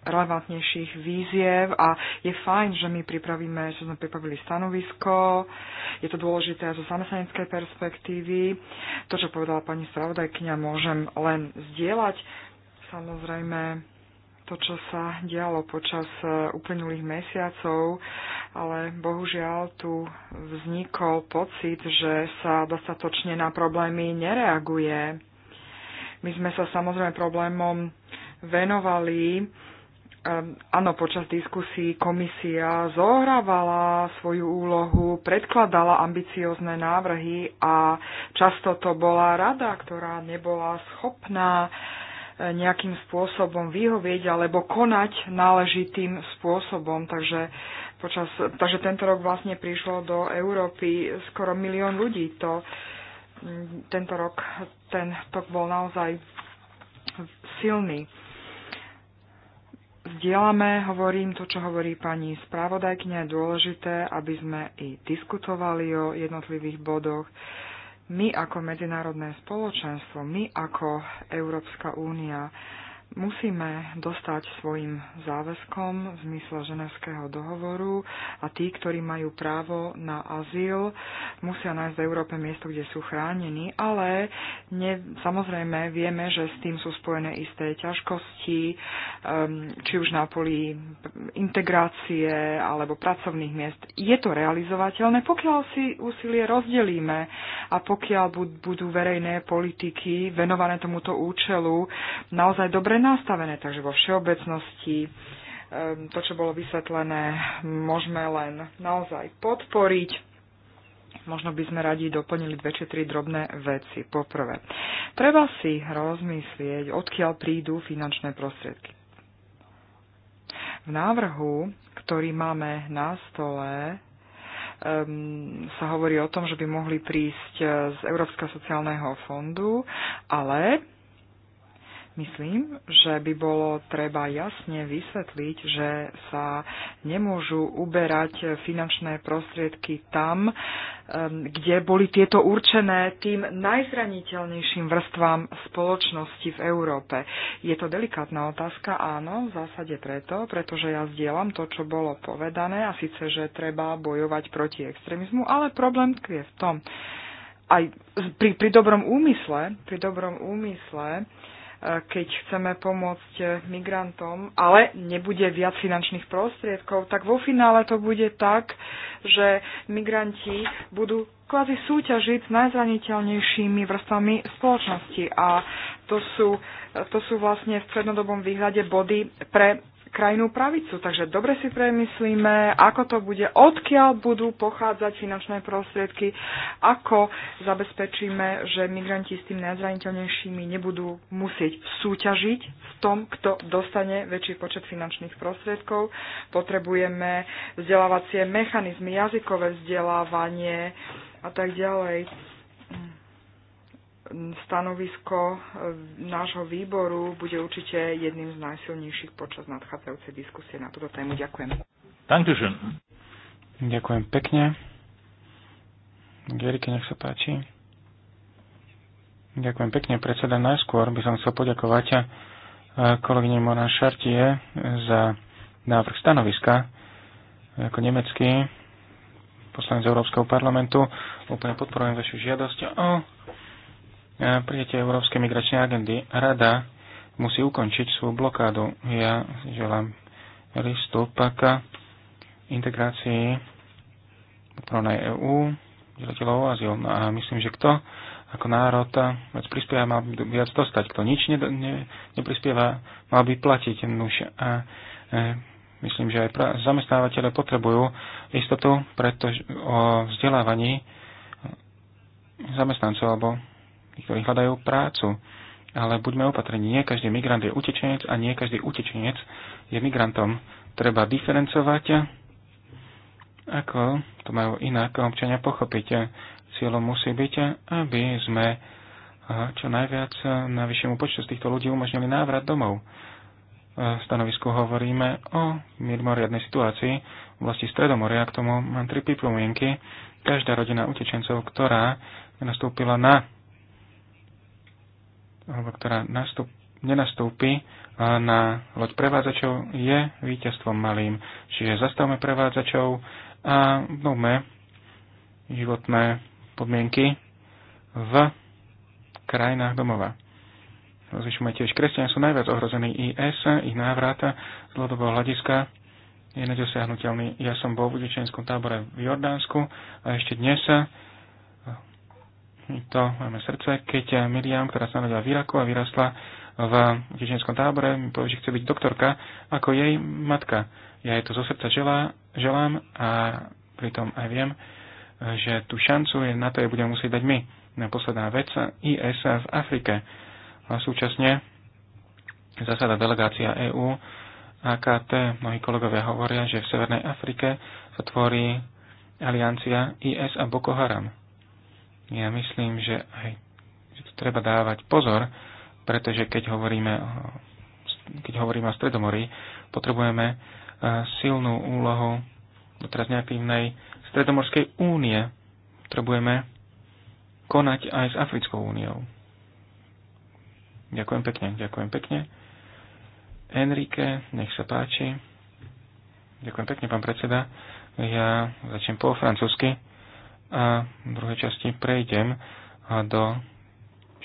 relevantnejších víziev a je fajn, že my pripravíme, že sme pripravili stanovisko. Je to dôležité aj zo zamestnaneckej perspektívy. To, čo povedala pani spravodajkňa, môžem len zdieľať. Samozrejme, to, čo sa dialo počas e, uplynulých mesiacov, ale bohužiaľ tu vznikol pocit, že sa dostatočne na problémy nereaguje. My sme sa samozrejme problémom venovali. E, áno, počas diskusí komisia zohrávala svoju úlohu, predkladala ambiciozne návrhy a často to bola rada, ktorá nebola schopná uh, nejakým spôsobom vyhovieť alebo konať náležitým spôsobom. Takže, počas, takže tento rok vlastne prišlo do Európy skoro milión ľudí. To, tento rok ten tok bol naozaj silný. Zdieľame, hovorím to, čo hovorí pani správodajkňa, je dôležité, aby sme i diskutovali o jednotlivých bodoch my ako medzinárodné spoločenstvo, my ako Európska únia Musíme dostať svojim záväzkom v zmysle ženevského dohovoru a tí, ktorí majú právo na azyl, musia nájsť v Európe miesto, kde sú chránení, ale ne, samozrejme vieme, že s tým sú spojené isté ťažkosti, um, či už na poli integrácie alebo pracovných miest. Je to realizovateľné, pokiaľ si úsilie rozdelíme a pokiaľ budú verejné politiky venované tomuto účelu naozaj dobre je nastavené. Takže vo všeobecnosti ehm, to, čo bolo vysvetlené, môžeme len naozaj podporiť. Možno by sme radi doplnili dve či tri drobné veci. Poprvé, treba si rozmyslieť, odkiaľ prídu finančné prostriedky. V návrhu, ktorý máme na stole, um, sa hovorí o tom, že by mohli prísť z Európskeho sociálneho fondu, ale Myslím, že by bolo treba jasne vysvetliť, že sa nemôžu uberať finančné prostriedky tam, um, kde boli tieto určené tým najzraniteľnejším vrstvám spoločnosti v Európe. Je to delikátna otázka, áno, v zásade preto, pretože ja zdieľam to, čo bolo povedané, a síce, že treba bojovať proti extrémizmu, ale problém je v tom, aj pri, pri dobrom úmysle, pri dobrom úmysle, keď chceme pomôcť migrantom, ale nebude viac finančných prostriedkov, tak vo finále to bude tak, že migranti budú kvázi súťažiť s najzraniteľnejšími vrstvami spoločnosti. A to sú, to sú vlastne v strednodobom výhľade body pre krajnú pravicu. Takže dobre si premyslíme, ako to bude, odkiaľ budú pochádzať finančné prostriedky, ako zabezpečíme, že migranti s tým najzraniteľnejšími nebudú musieť súťažiť v tom, kto dostane väčší počet finančných prostriedkov. Potrebujeme vzdelávacie mechanizmy, jazykové vzdelávanie a tak ďalej stanovisko e, nášho výboru bude určite jedným z najsilnejších počas nadchádzajúcej diskusie na túto tému. Ďakujem. Dankeschön. Ďakujem pekne. Gerike, nech sa páči. Ďakujem pekne, predseda. Najskôr by som chcel poďakovať e, kolegyne Mona Šartie za návrh stanoviska ako nemecký poslanec Európskeho parlamentu. Úplne podporujem vašu žiadosť o E, prijatie Európskej migračnej agendy. Rada musí ukončiť svoju blokádu. Ja želám listu paka integrácii podpornej EÚ, žiadateľov o azyl. No a myslím, že kto ako národ vec prispieva, mal by viac dostať. Kto nič ne, ne, neprispieva, mal by platiť. Nuž. A, e, myslím, že aj pra- zamestnávateľe potrebujú istotu pretože o vzdelávaní zamestnancov alebo ktorí hľadajú prácu. Ale buďme opatrení, nie každý migrant je utečenec a nie každý utečenec je migrantom. Treba diferencovať, ako to majú inak občania pochopiť. Cieľom musí byť, aby sme eh, čo najviac eh, na vyššiemu počtu z týchto ľudí umožnili návrat domov. Eh, v stanovisku hovoríme o mimoriadnej situácii v oblasti Stredomoria. K tomu mám tri pripomienky. Každá rodina utečencov, ktorá nastúpila na alebo ktorá nastup, nenastúpi na loď prevádzačov, je víťazstvom malým. Čiže zastavme prevádzačov a obnovme životné podmienky v krajinách domova. Rozlišujeme tiež, kresťania sú najviac ohrození IS, ich návrat z dlhodobého hľadiska je nedosiahnutelný. Ja som bol v utečenskom tábore v Jordánsku a ešte dnes sa to máme srdce, keď Miriam, ktorá sa narodila v Iraku a vyrastla v tečenskom tábore, mi povie, že chce byť doktorka ako jej matka. Ja jej to zo srdca želá, želám a pritom aj viem, že tú šancu je, na to je budeme musieť dať my. Na no, posledná vec, IS v Afrike. A súčasne zasada delegácia EÚ, AKT, mnohí kolegovia hovoria, že v Severnej Afrike sa tvorí aliancia IS a Boko Haram ja myslím, že aj že tu treba dávať pozor, pretože keď hovoríme o, keď hovoríme o Stredomorí, potrebujeme e, silnú úlohu doteraz neaktívnej Stredomorskej únie. Potrebujeme konať aj s Africkou úniou. Ďakujem pekne, ďakujem pekne. Enrique, nech sa páči. Ďakujem pekne, pán predseda. Ja začnem po francúzsky a v druhej časti prejdem do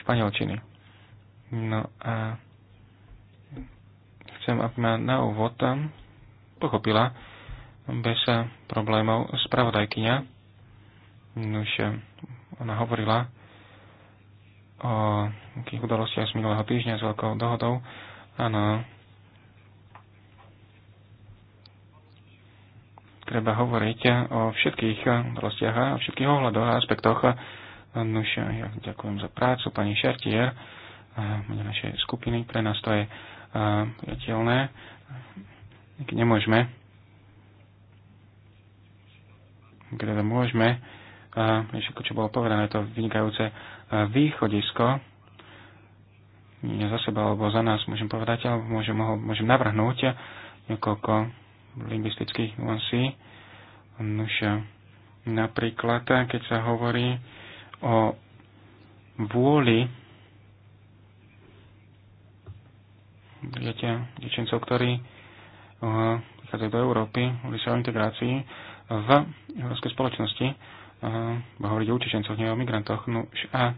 španielčiny. No a chcem, aby ma na úvod pochopila bez problémov spravodajkyňa. Už ona hovorila o takých udalostiach z minulého týždňa s veľkou dohodou. Áno, treba hovoriť o všetkých oblastiach a všetkých ohľadoch a aspektoch. Nuž, ja ďakujem za prácu pani Šartier, mňa našej skupiny, pre nás to je priateľné. Keď Nemôžeme, keď môžeme, ešte ako čo bolo povedané, to vynikajúce východisko, nie za seba alebo za nás môžem povedať, alebo môžem, môžem navrhnúť niekoľko lingvistických nuansí. Nož, napríklad, keď sa hovorí o vôli dieťa, dečencov, ktorí vychádzajú eh, do Európy, hovorí sa o integrácii v európskej spoločnosti, uh, eh, hovoriť o utečencoch, nie o migrantoch, no a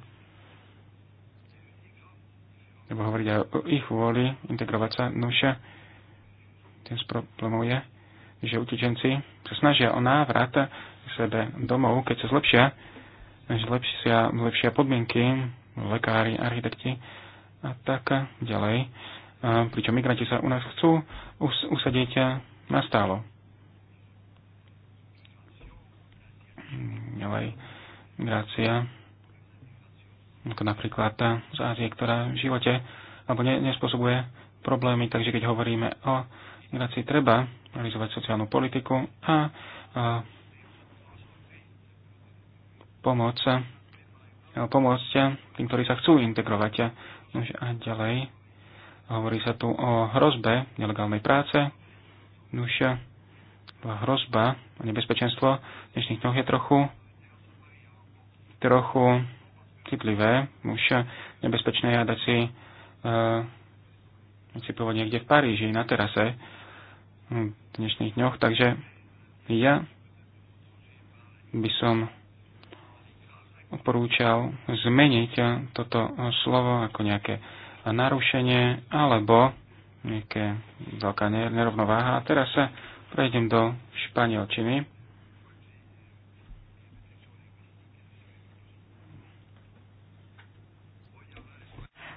nebo hovoriť aj o ich vôli integrovať sa, no tým z problémov je, že utečenci sa snažia o návrat k sebe domov, keď sa zlepšia, zlepšia, zlepšia podmienky, lekári, architekti a tak ďalej. Pričom migranti sa u nás chcú us- usadiť na stálo. Ďalej, migrácia, ako napríklad tá z Ázie, ktorá v živote alebo ne, nespôsobuje problémy, takže keď hovoríme o migrácii treba realizovať sociálnu politiku a, a pomoc, pomôcť tým, ktorí sa chcú integrovať. Nož a ďalej hovorí sa tu o hrozbe nelegálnej práce. Nož hrozba a nebezpečenstvo dnešných dňoch je trochu trochu citlivé. Už nebezpečné je dať si uh, si niekde v Paríži na terase v dnešných dňoch, takže ja by som odporúčal zmeniť toto slovo ako nejaké narušenie alebo nejaké veľká nerovnováha. A teraz sa prejdem do španielčiny.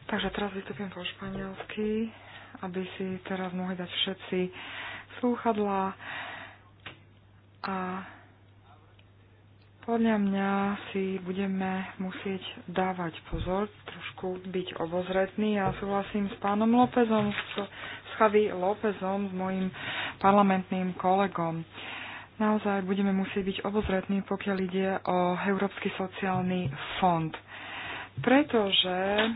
Takže teraz vystúpim po španielsky, aby si teraz mohli dať všetci slúchadlá a podľa mňa si budeme musieť dávať pozor, trošku byť obozretný. Ja súhlasím s pánom Lópezom, s Chavi Lópezom, s mojim parlamentným kolegom. Naozaj budeme musieť byť obozretní, pokiaľ ide o Európsky sociálny fond. Pretože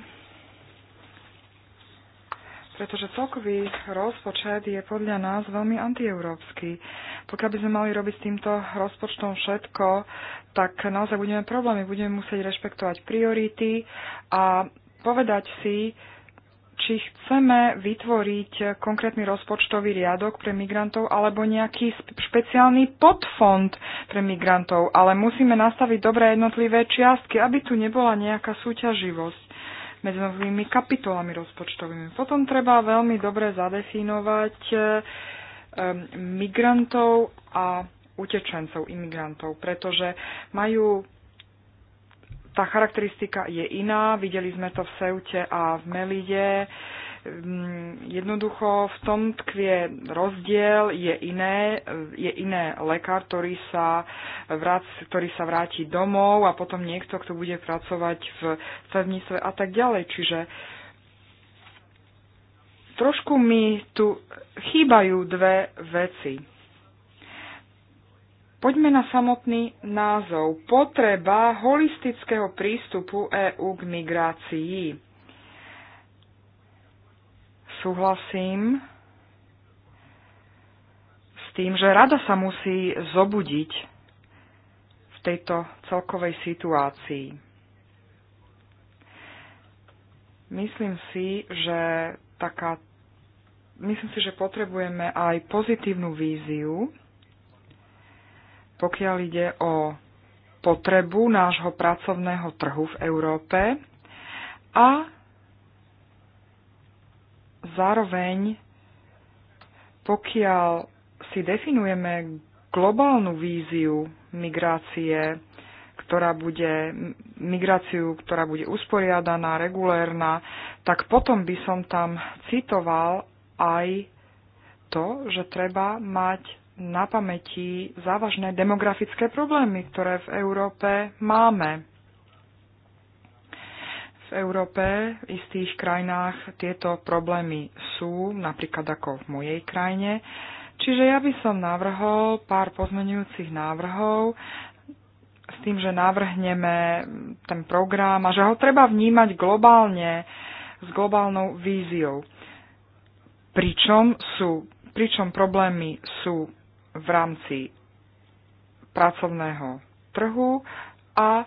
pretože celkový rozpočet je podľa nás veľmi antieurópsky. Pokiaľ by sme mali robiť s týmto rozpočtom všetko, tak naozaj budeme problémy, budeme musieť rešpektovať priority a povedať si, či chceme vytvoriť konkrétny rozpočtový riadok pre migrantov alebo nejaký špeciálny podfond pre migrantov, ale musíme nastaviť dobré jednotlivé čiastky, aby tu nebola nejaká súťaživosť medzi novými kapitolami rozpočtovými. Potom treba veľmi dobre zadefinovať e, migrantov a utečencov, imigrantov, pretože majú tá charakteristika je iná. Videli sme to v Seute a v Melide. Ehm, jednoducho v tom tkvie rozdiel, je iné, je iné lekár, ktorý sa, vrát, ktorý sa vráti domov a potom niekto, kto bude pracovať v stavníctve a tak ďalej. Čiže trošku mi tu chýbajú dve veci. Poďme na samotný názov. Potreba holistického prístupu EU k migrácii súhlasím s tým, že rada sa musí zobudiť v tejto celkovej situácii. Myslím si, že taká myslím si, že potrebujeme aj pozitívnu víziu, pokiaľ ide o potrebu nášho pracovného trhu v Európe a Zároveň, pokiaľ si definujeme globálnu víziu migrácie, ktorá bude migráciu, ktorá bude usporiadaná, regulérna, tak potom by som tam citoval aj to, že treba mať na pamäti závažné demografické problémy, ktoré v Európe máme v Európe, v istých krajinách tieto problémy sú, napríklad ako v mojej krajine. Čiže ja by som navrhol pár pozmenujúcich návrhov s tým, že navrhneme ten program a že ho treba vnímať globálne, s globálnou víziou. Pričom, sú, pričom problémy sú v rámci pracovného trhu a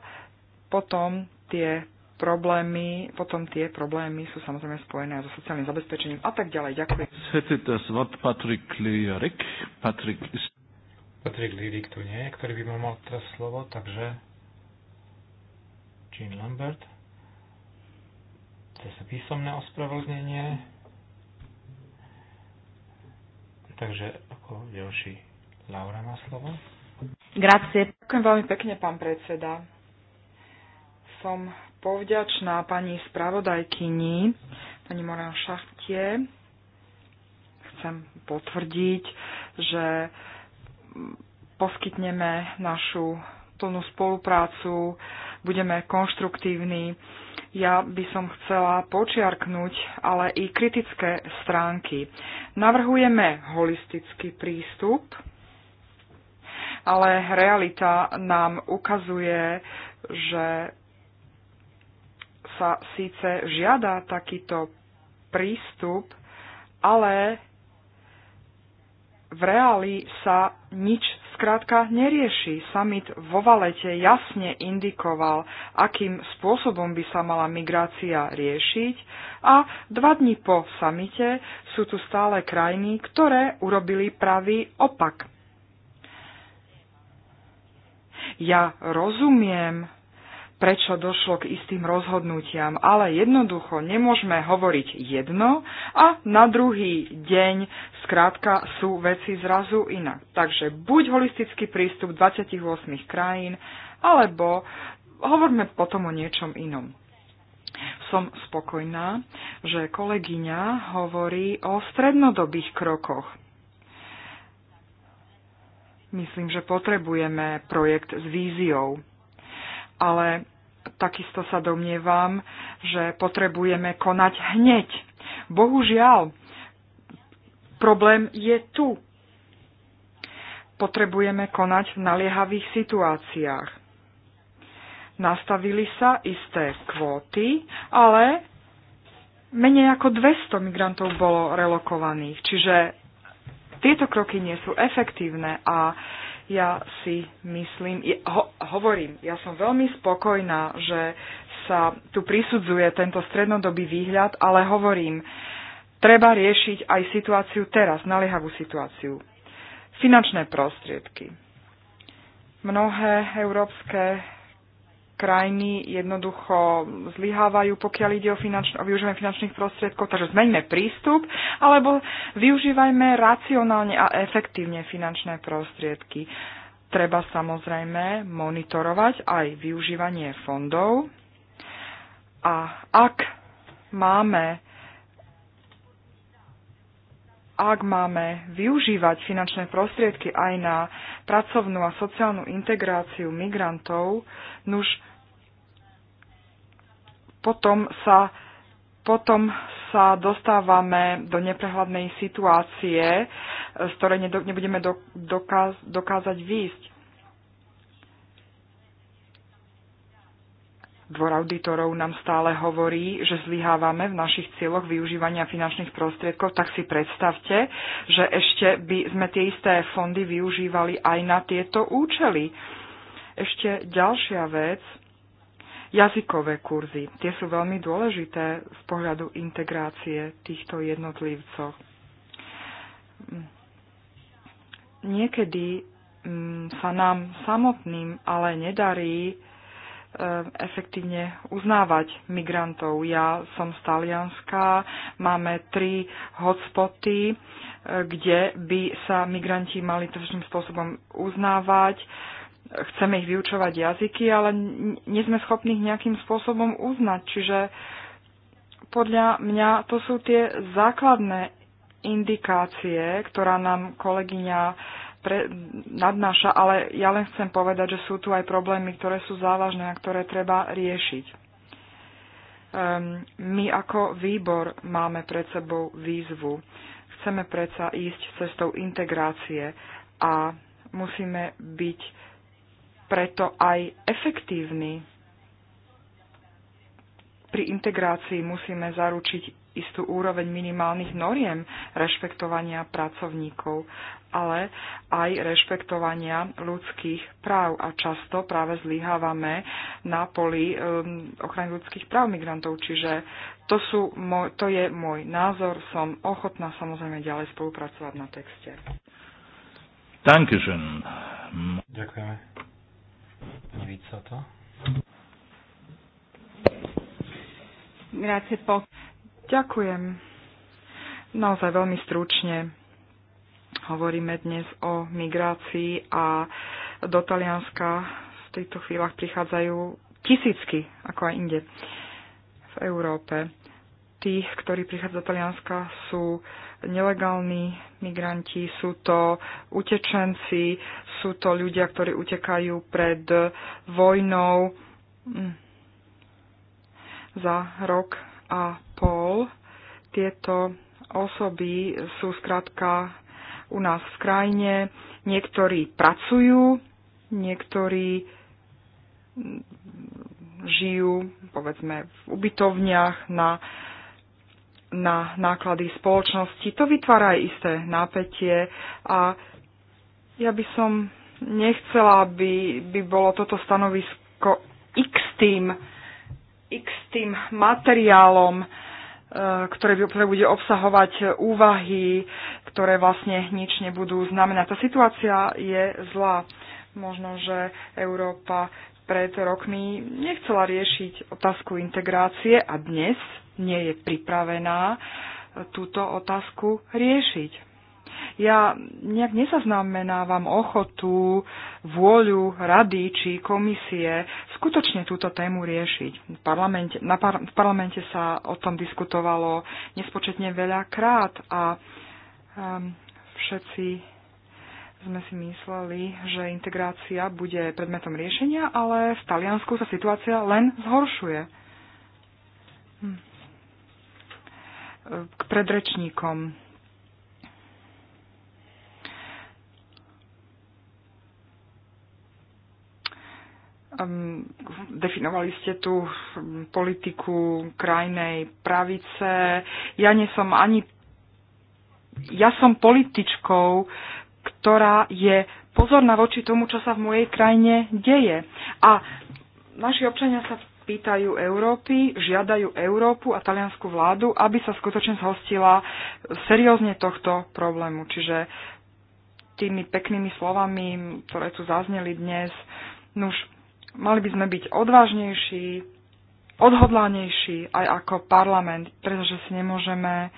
potom tie problémy, potom tie problémy sú samozrejme spojené so sociálnym zabezpečením a tak ďalej. Ďakujem. Hätte Patrick Lirik. Patrick Patrick tu nie je, ktorý by mal teraz slovo, takže Jean Lambert. To je písomné ospravedlnenie. Takže ako ďalší Laura má slovo. Grazie. Ďakujem veľmi pekne, pán predseda. Som povďačná pani spravodajkyni, pani Morán Šachtie. Chcem potvrdiť, že poskytneme našu plnú spoluprácu, budeme konštruktívni. Ja by som chcela počiarknúť ale i kritické stránky. Navrhujeme holistický prístup, ale realita nám ukazuje, že sa síce žiada takýto prístup, ale v reáli sa nič zkrátka nerieši. Summit vo Valete jasne indikoval, akým spôsobom by sa mala migrácia riešiť a dva dni po samite sú tu stále krajiny, ktoré urobili pravý opak. Ja rozumiem prečo došlo k istým rozhodnutiam, ale jednoducho nemôžeme hovoriť jedno a na druhý deň skrátka sú veci zrazu inak. Takže buď holistický prístup 28 krajín, alebo hovorme potom o niečom inom. Som spokojná, že kolegyňa hovorí o strednodobých krokoch. Myslím, že potrebujeme projekt s víziou ale takisto sa domnievam, že potrebujeme konať hneď. Bohužiaľ, problém je tu. Potrebujeme konať v naliehavých situáciách. Nastavili sa isté kvóty, ale menej ako 200 migrantov bolo relokovaných, čiže tieto kroky nie sú efektívne a ja si myslím, ho, hovorím, ja som veľmi spokojná, že sa tu prisudzuje tento strednodobý výhľad, ale hovorím, treba riešiť aj situáciu teraz, naliehavú situáciu. Finančné prostriedky. Mnohé európske krajiny jednoducho zlyhávajú, pokiaľ ide o, finančn- o využívanie finančných prostriedkov, takže zmeňme prístup, alebo využívajme racionálne a efektívne finančné prostriedky. Treba samozrejme monitorovať aj využívanie fondov a ak máme ak máme využívať finančné prostriedky aj na pracovnú a sociálnu integráciu migrantov, nuž potom sa, potom sa dostávame do neprehľadnej situácie, z ktorej nebudeme dokázať výjsť. Dvor auditorov nám stále hovorí, že zlyhávame v našich cieľoch využívania finančných prostriedkov, tak si predstavte, že ešte by sme tie isté fondy využívali aj na tieto účely. Ešte ďalšia vec, jazykové kurzy. Tie sú veľmi dôležité z pohľadu integrácie týchto jednotlivcov. Niekedy mm, sa nám samotným ale nedarí Eh, efektívne uznávať migrantov. Ja som z Talianska, máme tri hotspoty, eh, kde by sa migranti mali tržným spôsobom uznávať. Chceme ich vyučovať jazyky, ale nie sme schopní ich nejakým spôsobom uznať. Čiže podľa mňa to sú tie základné indikácie, ktorá nám kolegyňa pre, nadnáša, ale ja len chcem povedať, že sú tu aj problémy, ktoré sú závažné a ktoré treba riešiť. Um, my ako výbor máme pred sebou výzvu. Chceme predsa ísť cestou integrácie a musíme byť preto aj efektívni. Pri integrácii musíme zaručiť istú úroveň minimálnych noriem rešpektovania pracovníkov, ale aj rešpektovania ľudských práv. A často práve zlyhávame na poli um, ochrany ľudských práv migrantov. Čiže to, sú, to je môj názor. Som ochotná samozrejme ďalej spolupracovať na texte. Dankeschön. Ďakujeme. Grazie po. Ďakujem. Naozaj veľmi stručne hovoríme dnes o migrácii a do Talianska v týchto chvíľach prichádzajú tisícky, ako aj inde v Európe. Tí, ktorí prichádzajú do Talianska, sú nelegálni migranti, sú to utečenci, sú to ľudia, ktorí utekajú pred vojnou mm, za rok a Europol. Tieto osoby sú skrátka u nás v krajine. Niektorí pracujú, niektorí mm, žijú, povedzme, v ubytovniach na, na náklady spoločnosti. To vytvára aj isté napätie a ja by som nechcela, aby by bolo toto stanovisko x tým x tým materiálom, e, ktoré bude obsahovať úvahy, ktoré vlastne nič nebudú znamenať. Tá situácia je zlá. Možno, že Európa pred rokmi nechcela riešiť otázku integrácie a dnes nie je pripravená túto otázku riešiť. Ja nejak nezaznamenávam ochotu, vôľu rady či komisie skutočne túto tému riešiť. V parlamente, na par, v parlamente sa o tom diskutovalo nespočetne veľakrát a um, všetci sme si mysleli, že integrácia bude predmetom riešenia, ale v Taliansku sa situácia len zhoršuje. Hm. K predrečníkom. Um, definovali ste tu politiku krajnej pravice. Ja nie som ani... Ja som političkou, ktorá je pozorná voči tomu, čo sa v mojej krajine deje. A naši občania sa pýtajú Európy, žiadajú Európu a taliansku vládu, aby sa skutočne zhostila seriózne tohto problému. Čiže tými peknými slovami, ktoré tu zazneli dnes, nuž, Mali by sme byť odvážnejší, odhodlanejší aj ako parlament, pretože si nemôžeme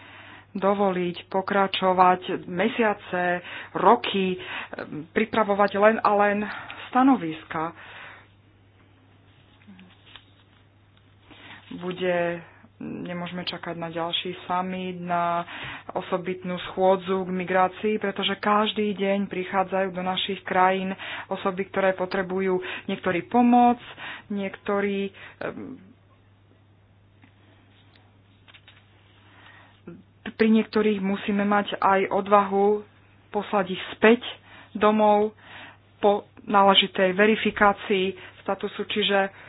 dovoliť pokračovať mesiace, roky, eh, pripravovať len a len stanoviska. Bude nemôžeme čakať na ďalší summit, na osobitnú schôdzu k migrácii, pretože každý deň prichádzajú do našich krajín osoby, ktoré potrebujú niektorý pomoc, niektorí ehm, pri niektorých musíme mať aj odvahu poslať ich späť domov po náležitej verifikácii statusu, čiže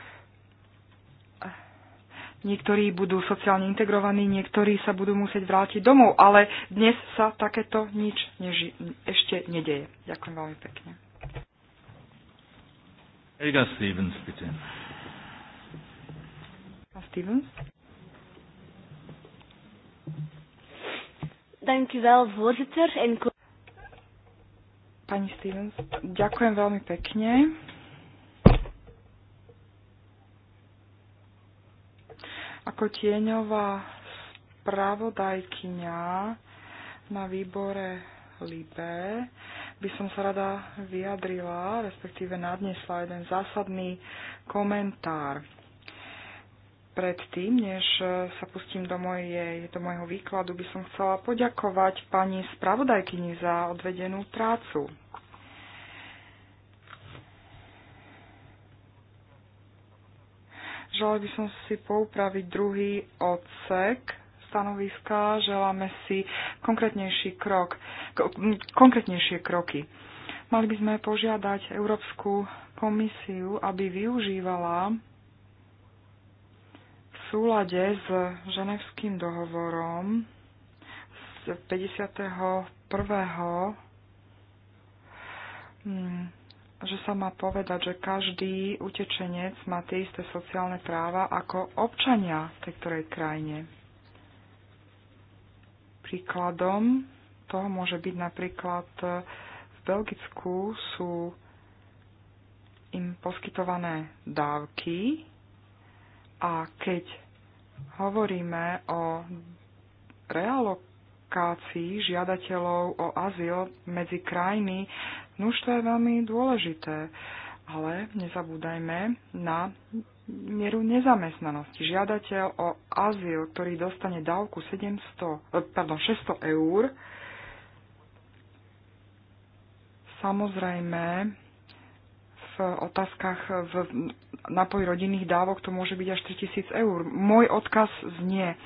Niektorí budú sociálne integrovaní, niektorí sa budú musieť vrátiť domov, ale dnes sa takéto nič neži- ešte nedeje. Ďakujem veľmi pekne. Ega Stevens, bitte. Herr Stevens. Dank u wel, voorzitter. En... Pani Stevens, ďakujem veľmi pekne. Ako tieňová spravodajkyňa na výbore Libe by som sa rada vyjadrila, respektíve nadnesla jeden zásadný komentár predtým, než sa pustím do, mojej, do mojho výkladu, by som chcela poďakovať pani spravodajkyni za odvedenú prácu. Želala by som si poupraviť druhý odsek stanoviska. Želáme si konkrétnejší krok, konkrétnejšie kroky. Mali by sme požiadať Európsku komisiu, aby využívala v súlade s ženevským dohovorom z 51 že sa má povedať, že každý utečenec má tie isté sociálne práva ako občania v tej ktorej krajine. Príkladom toho môže byť napríklad e, v Belgicku sú im poskytované dávky a keď hovoríme o realokácii žiadateľov o azyl medzi krajiny, Nuž to je veľmi dôležité, ale nezabúdajme na mieru nezamestnanosti. Žiadateľ o azyl, ktorý dostane dávku 700, eh, pardon, 600 eur, samozrejme v otázkach v napoj rodinných dávok to môže byť až 3000 eur. Môj odkaz znie,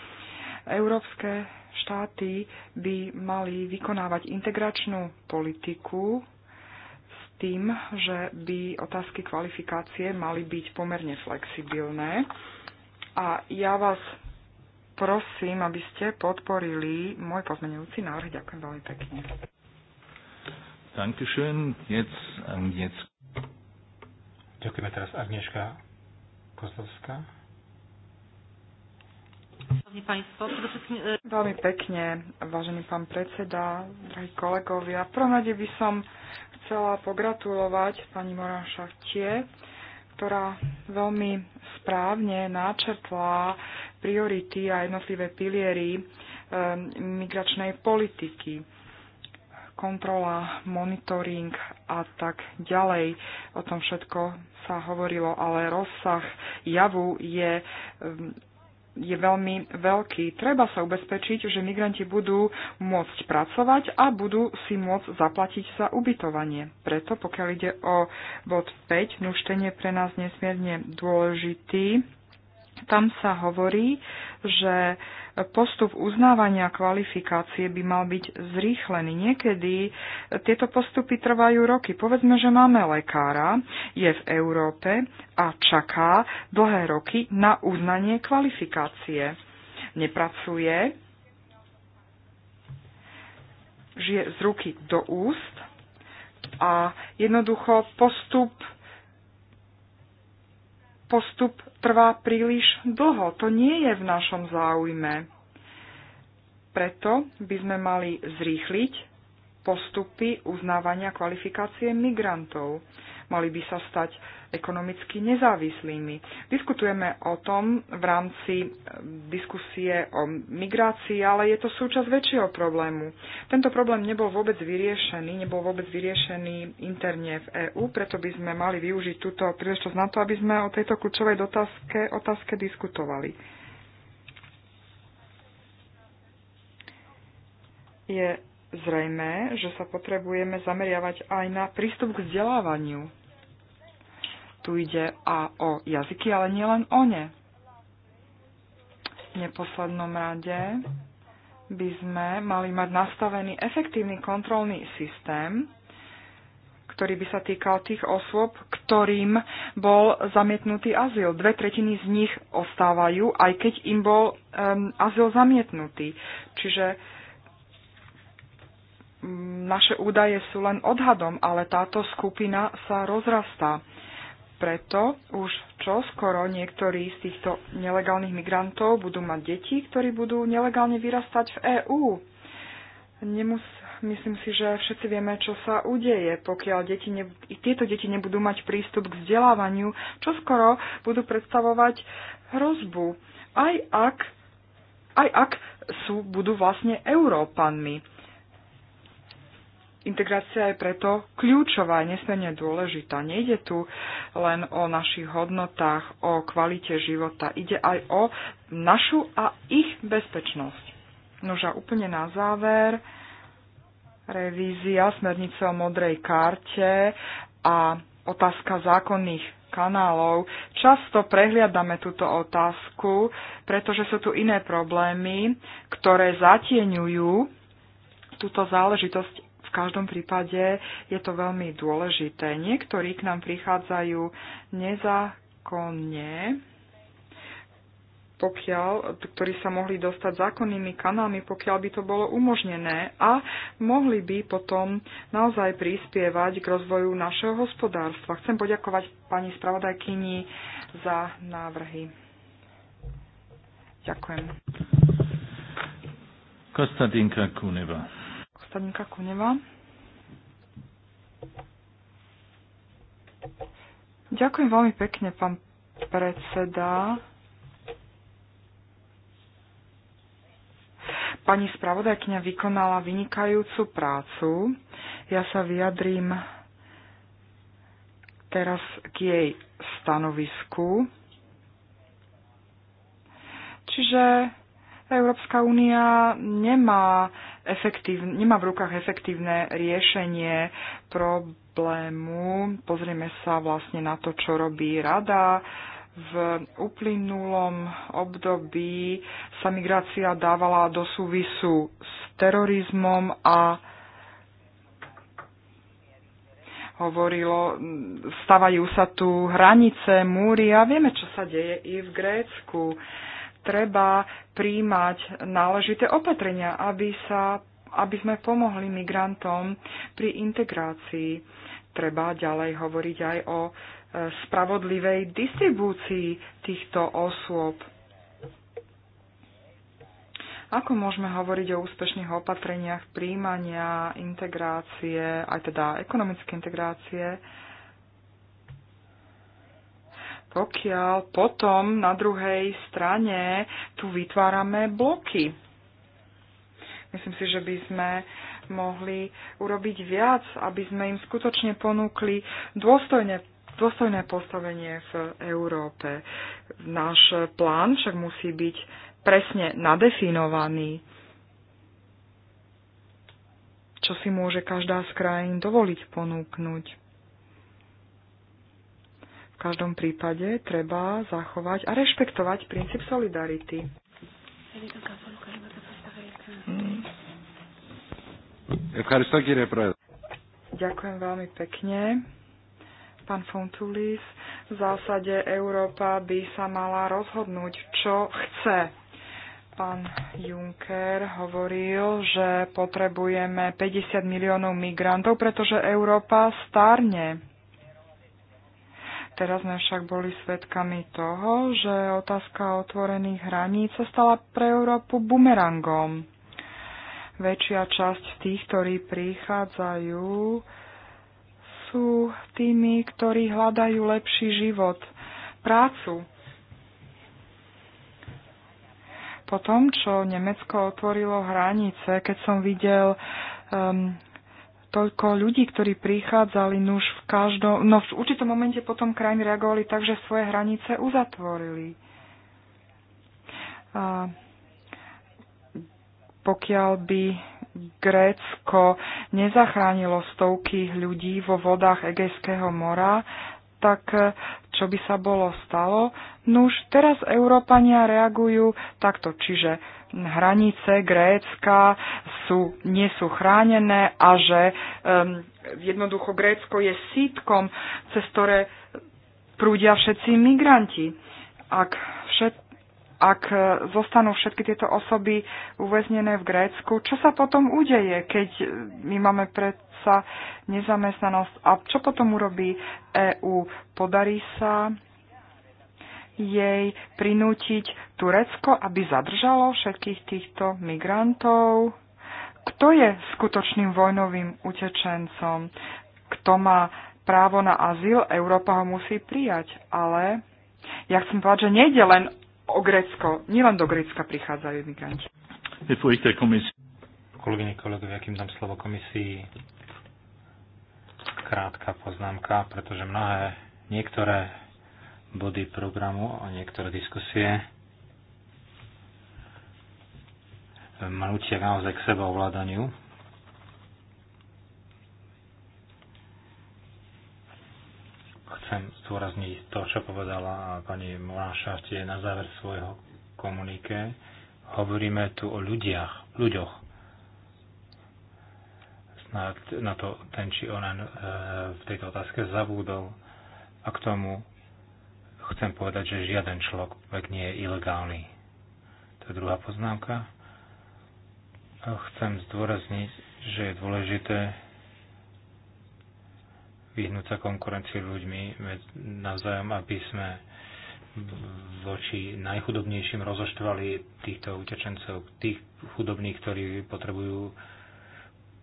európske štáty by mali vykonávať integračnú politiku tým, že by otázky kvalifikácie mali byť pomerne flexibilné. A ja vás prosím, aby ste podporili môj pozmenujúci návrh. Ďakujem veľmi pekne. Dankeschön. Jetzt, Agnieszka. Ďakujeme teraz Agnieszka Kozlovská. E, veľmi pekne, vážený pán predseda, drahí kolegovia. prvom rade by som chcela pogratulovať pani Moráša, Tie, ktorá veľmi správne náčrtla priority a jednotlivé piliery eh, migračnej politiky kontrola, monitoring a tak ďalej. O tom všetko sa hovorilo, ale rozsah javu je eh, je veľmi veľký. Treba sa ubezpečiť, že migranti budú môcť pracovať a budú si môcť zaplatiť za ubytovanie. Preto, pokiaľ ide o bod 5, nuštenie pre nás nesmierne dôležitý tam sa hovorí, že postup uznávania kvalifikácie by mal byť zrýchlený. Niekedy tieto postupy trvajú roky. Povedzme, že máme lekára, je v Európe a čaká dlhé roky na uznanie kvalifikácie. Nepracuje, žije z ruky do úst a jednoducho postup postup trvá príliš dlho. To nie je v našom záujme. Preto by sme mali zrýchliť postupy uznávania kvalifikácie migrantov mali by sa stať ekonomicky nezávislými. Diskutujeme o tom v rámci e, diskusie o migrácii, ale je to súčasť väčšieho problému. Tento problém nebol vôbec vyriešený, nebol vôbec vyriešený interne v EÚ, preto by sme mali využiť túto príležitosť na to, aby sme o tejto kľúčovej otázke, otázke diskutovali. Je zrejmé, že sa potrebujeme zameriavať aj na prístup k vzdelávaniu tu ide a o jazyky, ale nielen o ne. V neposlednom rade by sme mali mať nastavený efektívny kontrolný systém, ktorý by sa týkal tých osôb, ktorým bol zamietnutý azyl. Dve tretiny z nich ostávajú, aj keď im bol um, azyl zamietnutý. Čiže um, naše údaje sú len odhadom, ale táto skupina sa rozrastá. Preto už čo skoro niektorí z týchto nelegálnych migrantov budú mať deti, ktorí budú nelegálne vyrastať v EÚ. Nemus, myslím si, že všetci vieme, čo sa udeje, pokiaľ deti ne, tieto deti nebudú mať prístup k vzdelávaniu, čo skoro budú predstavovať hrozbu, aj ak, aj ak sú, budú vlastne Európanmi integrácia je preto kľúčová, nesmierne dôležitá. Nejde tu len o našich hodnotách, o kvalite života. Ide aj o našu a ich bezpečnosť. Nož a úplne na záver, revízia smernice o modrej karte a otázka zákonných kanálov. Často prehliadame túto otázku, pretože sú tu iné problémy, ktoré zatieňujú túto záležitosť v každom prípade je to veľmi dôležité. Niektorí k nám prichádzajú nezákonne, pokiaľ, ktorí sa mohli dostať zákonnými kanálmi, pokiaľ by to bolo umožnené a mohli by potom naozaj prispievať k rozvoju našeho hospodárstva. Chcem poďakovať pani spravodajkyni za návrhy. Ďakujem. Konstantinka Kuneva. Stanika Kuneva. Ďakujem veľmi pekne, pán predseda. Pani spravodajkňa vykonala vynikajúcu prácu. Ja sa vyjadrím teraz k jej stanovisku. Čiže Európska únia nemá efektívne, nemá v rukách efektívne riešenie problému. Pozrieme sa vlastne na to, čo robí rada. V uplynulom období sa migrácia dávala do súvisu s terorizmom a hovorilo, stavajú sa tu hranice, múry a vieme, čo sa deje i v Grécku. Uh, treba príjmať náležité opatrenia, aby, sa, aby sme pomohli migrantom pri integrácii. Treba ďalej hovoriť aj o e, spravodlivej distribúcii týchto osôb. Ako môžeme hovoriť o úspešných opatreniach príjmania, integrácie, aj teda ekonomické integrácie, pokiaľ potom na druhej strane tu vytvárame bloky. Myslím si, že by sme mohli urobiť viac, aby sme im skutočne ponúkli dôstojné, dôstojné postavenie v Európe. Náš plán však musí byť presne nadefinovaný, čo si môže každá z krajín dovoliť ponúknuť každom prípade treba zachovať a rešpektovať princíp solidarity. Ďakujem veľmi pekne. Pán Fontulis, v zásade Európa by sa mala rozhodnúť, čo chce pán Juncker hovoril, že potrebujeme 50 miliónov migrantov, pretože Európa starne. Teraz sme však boli svedkami toho, že otázka otvorených hraníc sa stala pre Európu bumerangom. Väčšia časť tých, ktorí prichádzajú, sú tými, ktorí hľadajú lepší život, prácu. Po tom, čo Nemecko otvorilo hranice, keď som videl um, toľko ľudí, ktorí prichádzali, nuž v každom, no v určitom momente potom krajiny reagovali tak, že svoje hranice uzatvorili. A pokiaľ by Grécko nezachránilo stovky ľudí vo vodách Egejského mora, tak e, čo by sa bolo stalo? Nuž, teraz Európania reagujú takto, čiže hranice Grécka sú, nie sú chránené a že um, jednoducho Grécko je sítkom, cez ktoré prúdia všetci migranti. Ak všet, ak e, zostanú všetky tieto osoby uväznené v Grécku, čo sa potom udeje, keď my máme predsa nezamestnanosť a čo potom urobí EÚ? Podarí sa jej prinútiť Turecko, aby zadržalo všetkých týchto migrantov? Kto je skutočným vojnovým utečencom? Kto má právo na azyl? Európa ho musí prijať, ale ja chcem povedať, že nejde len o Grécko. Nielen do Grécka prichádzajú migranti. Kolegyne, kolegovia, kým dám slovo komisii, krátka poznámka, pretože mnohé, niektoré body programu a niektoré diskusie ma naozaj k ovládaniu. chcem zdôrazniť to, čo povedala pani Morášatie na záver svojho komunike. Hovoríme tu o ľudiach, ľuďoch. Snad na to ten či onen e, v tejto otázke zabúdol. A k tomu chcem povedať, že žiaden človek nie je ilegálny. To je druhá poznámka. A chcem zdôrazniť, že je dôležité vyhnúť sa konkurencii ľuďmi navzájom, aby sme voči najchudobnejším rozoštvali týchto utečencov, tých chudobných, ktorí potrebujú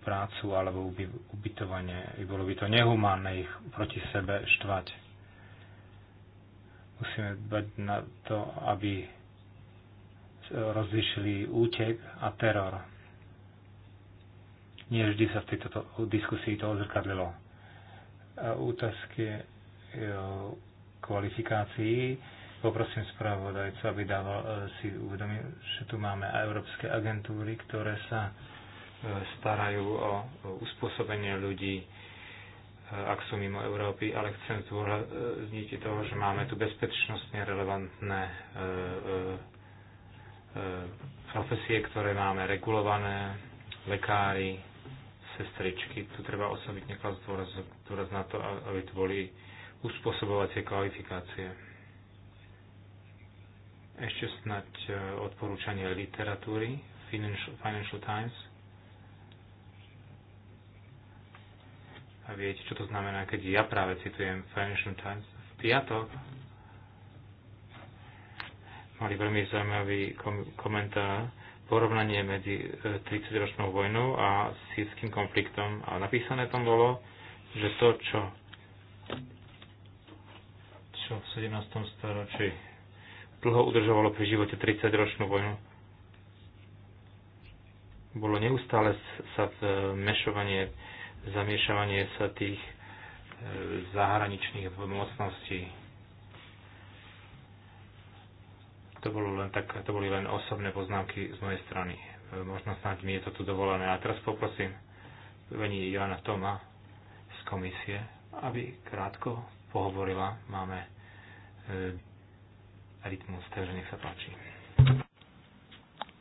prácu alebo ubytovanie. Bolo by to nehumánne ich proti sebe štvať. Musíme dbať na to, aby rozlišili útek a teror. Nie vždy sa v tejto diskusii to odzrkadlilo otázky e, kvalifikácií. Poprosím spravodajcu, aby dával, e, si uvedomil, že tu máme aj európske agentúry, ktoré sa e, starajú o uspôsobenie ľudí, ak sú mimo Európy, ale chcem zdôrazniť toho, že máme tu bezpečnostne relevantné profesie, ktoré máme regulované, lekári, sestričky. Tu treba osobitne klasť dôraz, dôraz na to, aby to boli uspôsobovacie kvalifikácie. Ešte snať e, odporúčanie literatúry Financial, Financial Times. A viete, čo to znamená, keď ja práve citujem Financial Times? V piatok mali veľmi zaujímavý komentár porovnanie medzi 30-ročnou e, vojnou a sírským konfliktom a napísané tam bolo, že to, čo, čo v 17. storočí dlho udržovalo pri živote 30-ročnú vojnu, bolo neustále sa e, mešovanie, zamiešavanie sa tých e, zahraničných mocností To, bolo len tak, to boli len osobné poznámky z mojej strany. E, možno snáď mi je to tu dovolené. A teraz poprosím vení Joana Toma z komisie, aby krátko pohovorila. Máme e, rytmus, takže nech sa páči.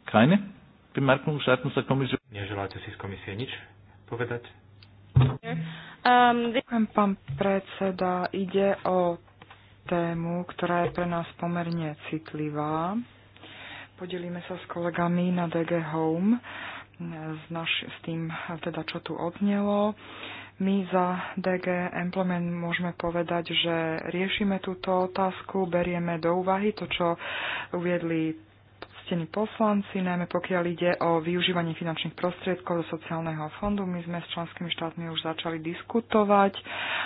Keine Bemerkung seitens der Kommission? Neželáte si z komisie nič povedať? Um, Ďakujem, pán predseda. Ide o tému, ktorá je pre nás pomerne citlivá. Podelíme sa s kolegami na DG Home s, naš, s tým, teda, čo tu odnelo. My za DG Employment môžeme povedať, že riešime túto otázku, berieme do úvahy to, čo uviedli ctení poslanci, najmä pokiaľ ide o využívanie finančných prostriedkov zo sociálneho fondu. My sme s členskými štátmi už začali diskutovať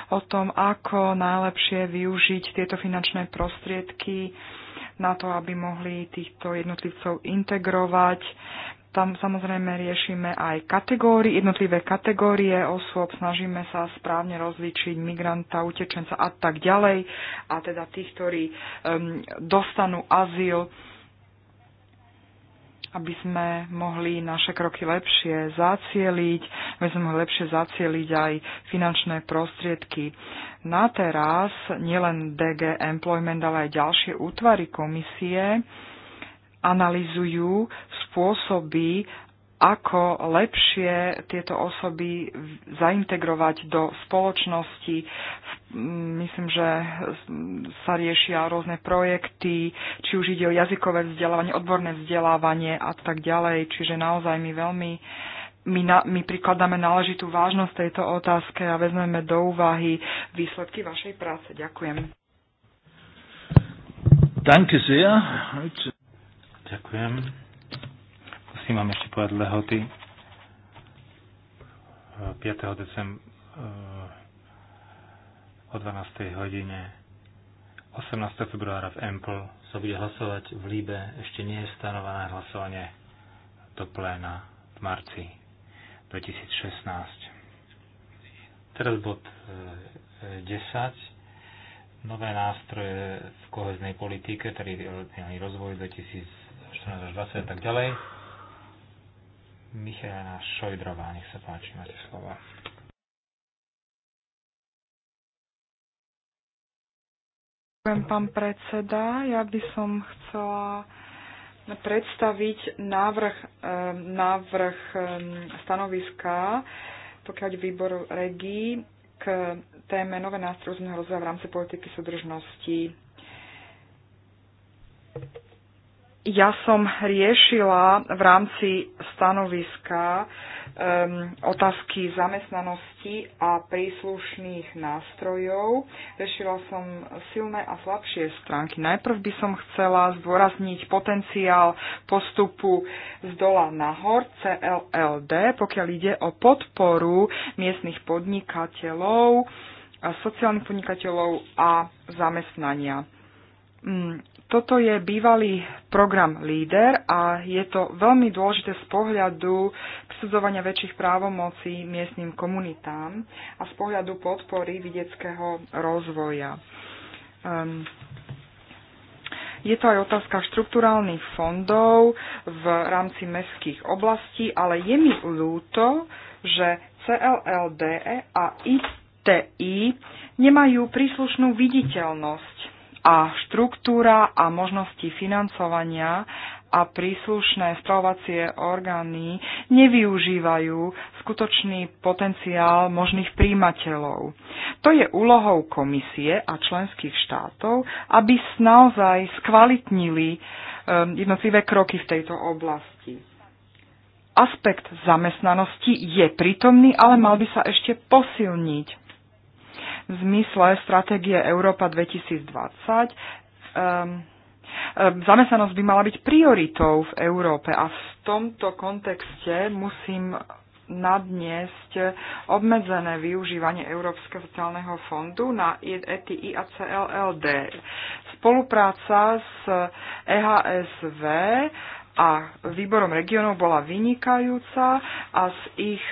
o tom, ako najlepšie využiť tieto finančné prostriedky na to, aby mohli týchto jednotlivcov integrovať. Tam samozrejme riešime aj kategórie, jednotlivé kategórie osôb, snažíme sa správne rozličiť migranta, utečenca a tak ďalej, a teda tých, ktorí um, dostanú azyl aby sme mohli naše kroky lepšie zacieliť, aby sme mohli lepšie zacieliť aj finančné prostriedky. Na teraz nielen DG Employment, ale aj ďalšie útvary komisie analizujú spôsoby, ako lepšie tieto osoby zaintegrovať do spoločnosti. Myslím, že sa riešia rôzne projekty, či už ide o jazykové vzdelávanie, odborné vzdelávanie a tak ďalej. Čiže naozaj my veľmi my, na, my prikladáme náležitú vážnosť tejto otázke a vezmeme do úvahy výsledky vašej práce. Ďakujem. Danke sehr. Ďakujem si mám ešte povedať lehoty. 5. decembra eh, o 12. hodine 18. februára v Empl sa bude hlasovať v Líbe. Ešte nie je stanovené hlasovanie do pléna v marci 2016. Teraz bod 10. Eh, Nové nástroje v koheznej politike, tedy rozvoj 2014 2020 a tak ďalej. Michaela Šojdrová, nech sa páči, máte slova. Ďakujem, pán predseda. Ja by som chcela predstaviť návrh, návrh stanoviska, pokiaľ výbor regí, k téme nové nástroje rozvoja v rámci politiky súdržnosti ja som riešila v rámci stanoviska um, otázky zamestnanosti a príslušných nástrojov. Riešila som silné a slabšie stránky. Najprv by som chcela zdôrazniť potenciál postupu z dola nahor CLLD, pokiaľ ide o podporu miestnych podnikateľov, sociálnych podnikateľov a zamestnania mm, toto je bývalý program LEADER a je to veľmi dôležité z pohľadu prisudzovania väčších právomocí miestnym komunitám a z pohľadu podpory vidieckého rozvoja. Um, je to aj otázka štruktúrálnych fondov v rámci mestských oblastí, ale je mi ľúto, že CLLDE a ITI nemajú príslušnú viditeľnosť a štruktúra a možnosti financovania a príslušné stravovacie orgány nevyužívajú skutočný potenciál možných príjimateľov. To je úlohou komisie a členských štátov, aby naozaj skvalitnili ehm, jednotlivé kroky v tejto oblasti. Aspekt zamestnanosti je prítomný, ale mal by sa ešte posilniť v zmysle stratégie Európa 2020. Um, ehm, ehm, Zamestnanosť by mala byť prioritou v Európe a v tomto kontexte musím nadniesť obmedzené využívanie Európskeho sociálneho fondu na ETI a CLLD. Spolupráca s EHSV a výborom regionov bola vynikajúca a s ich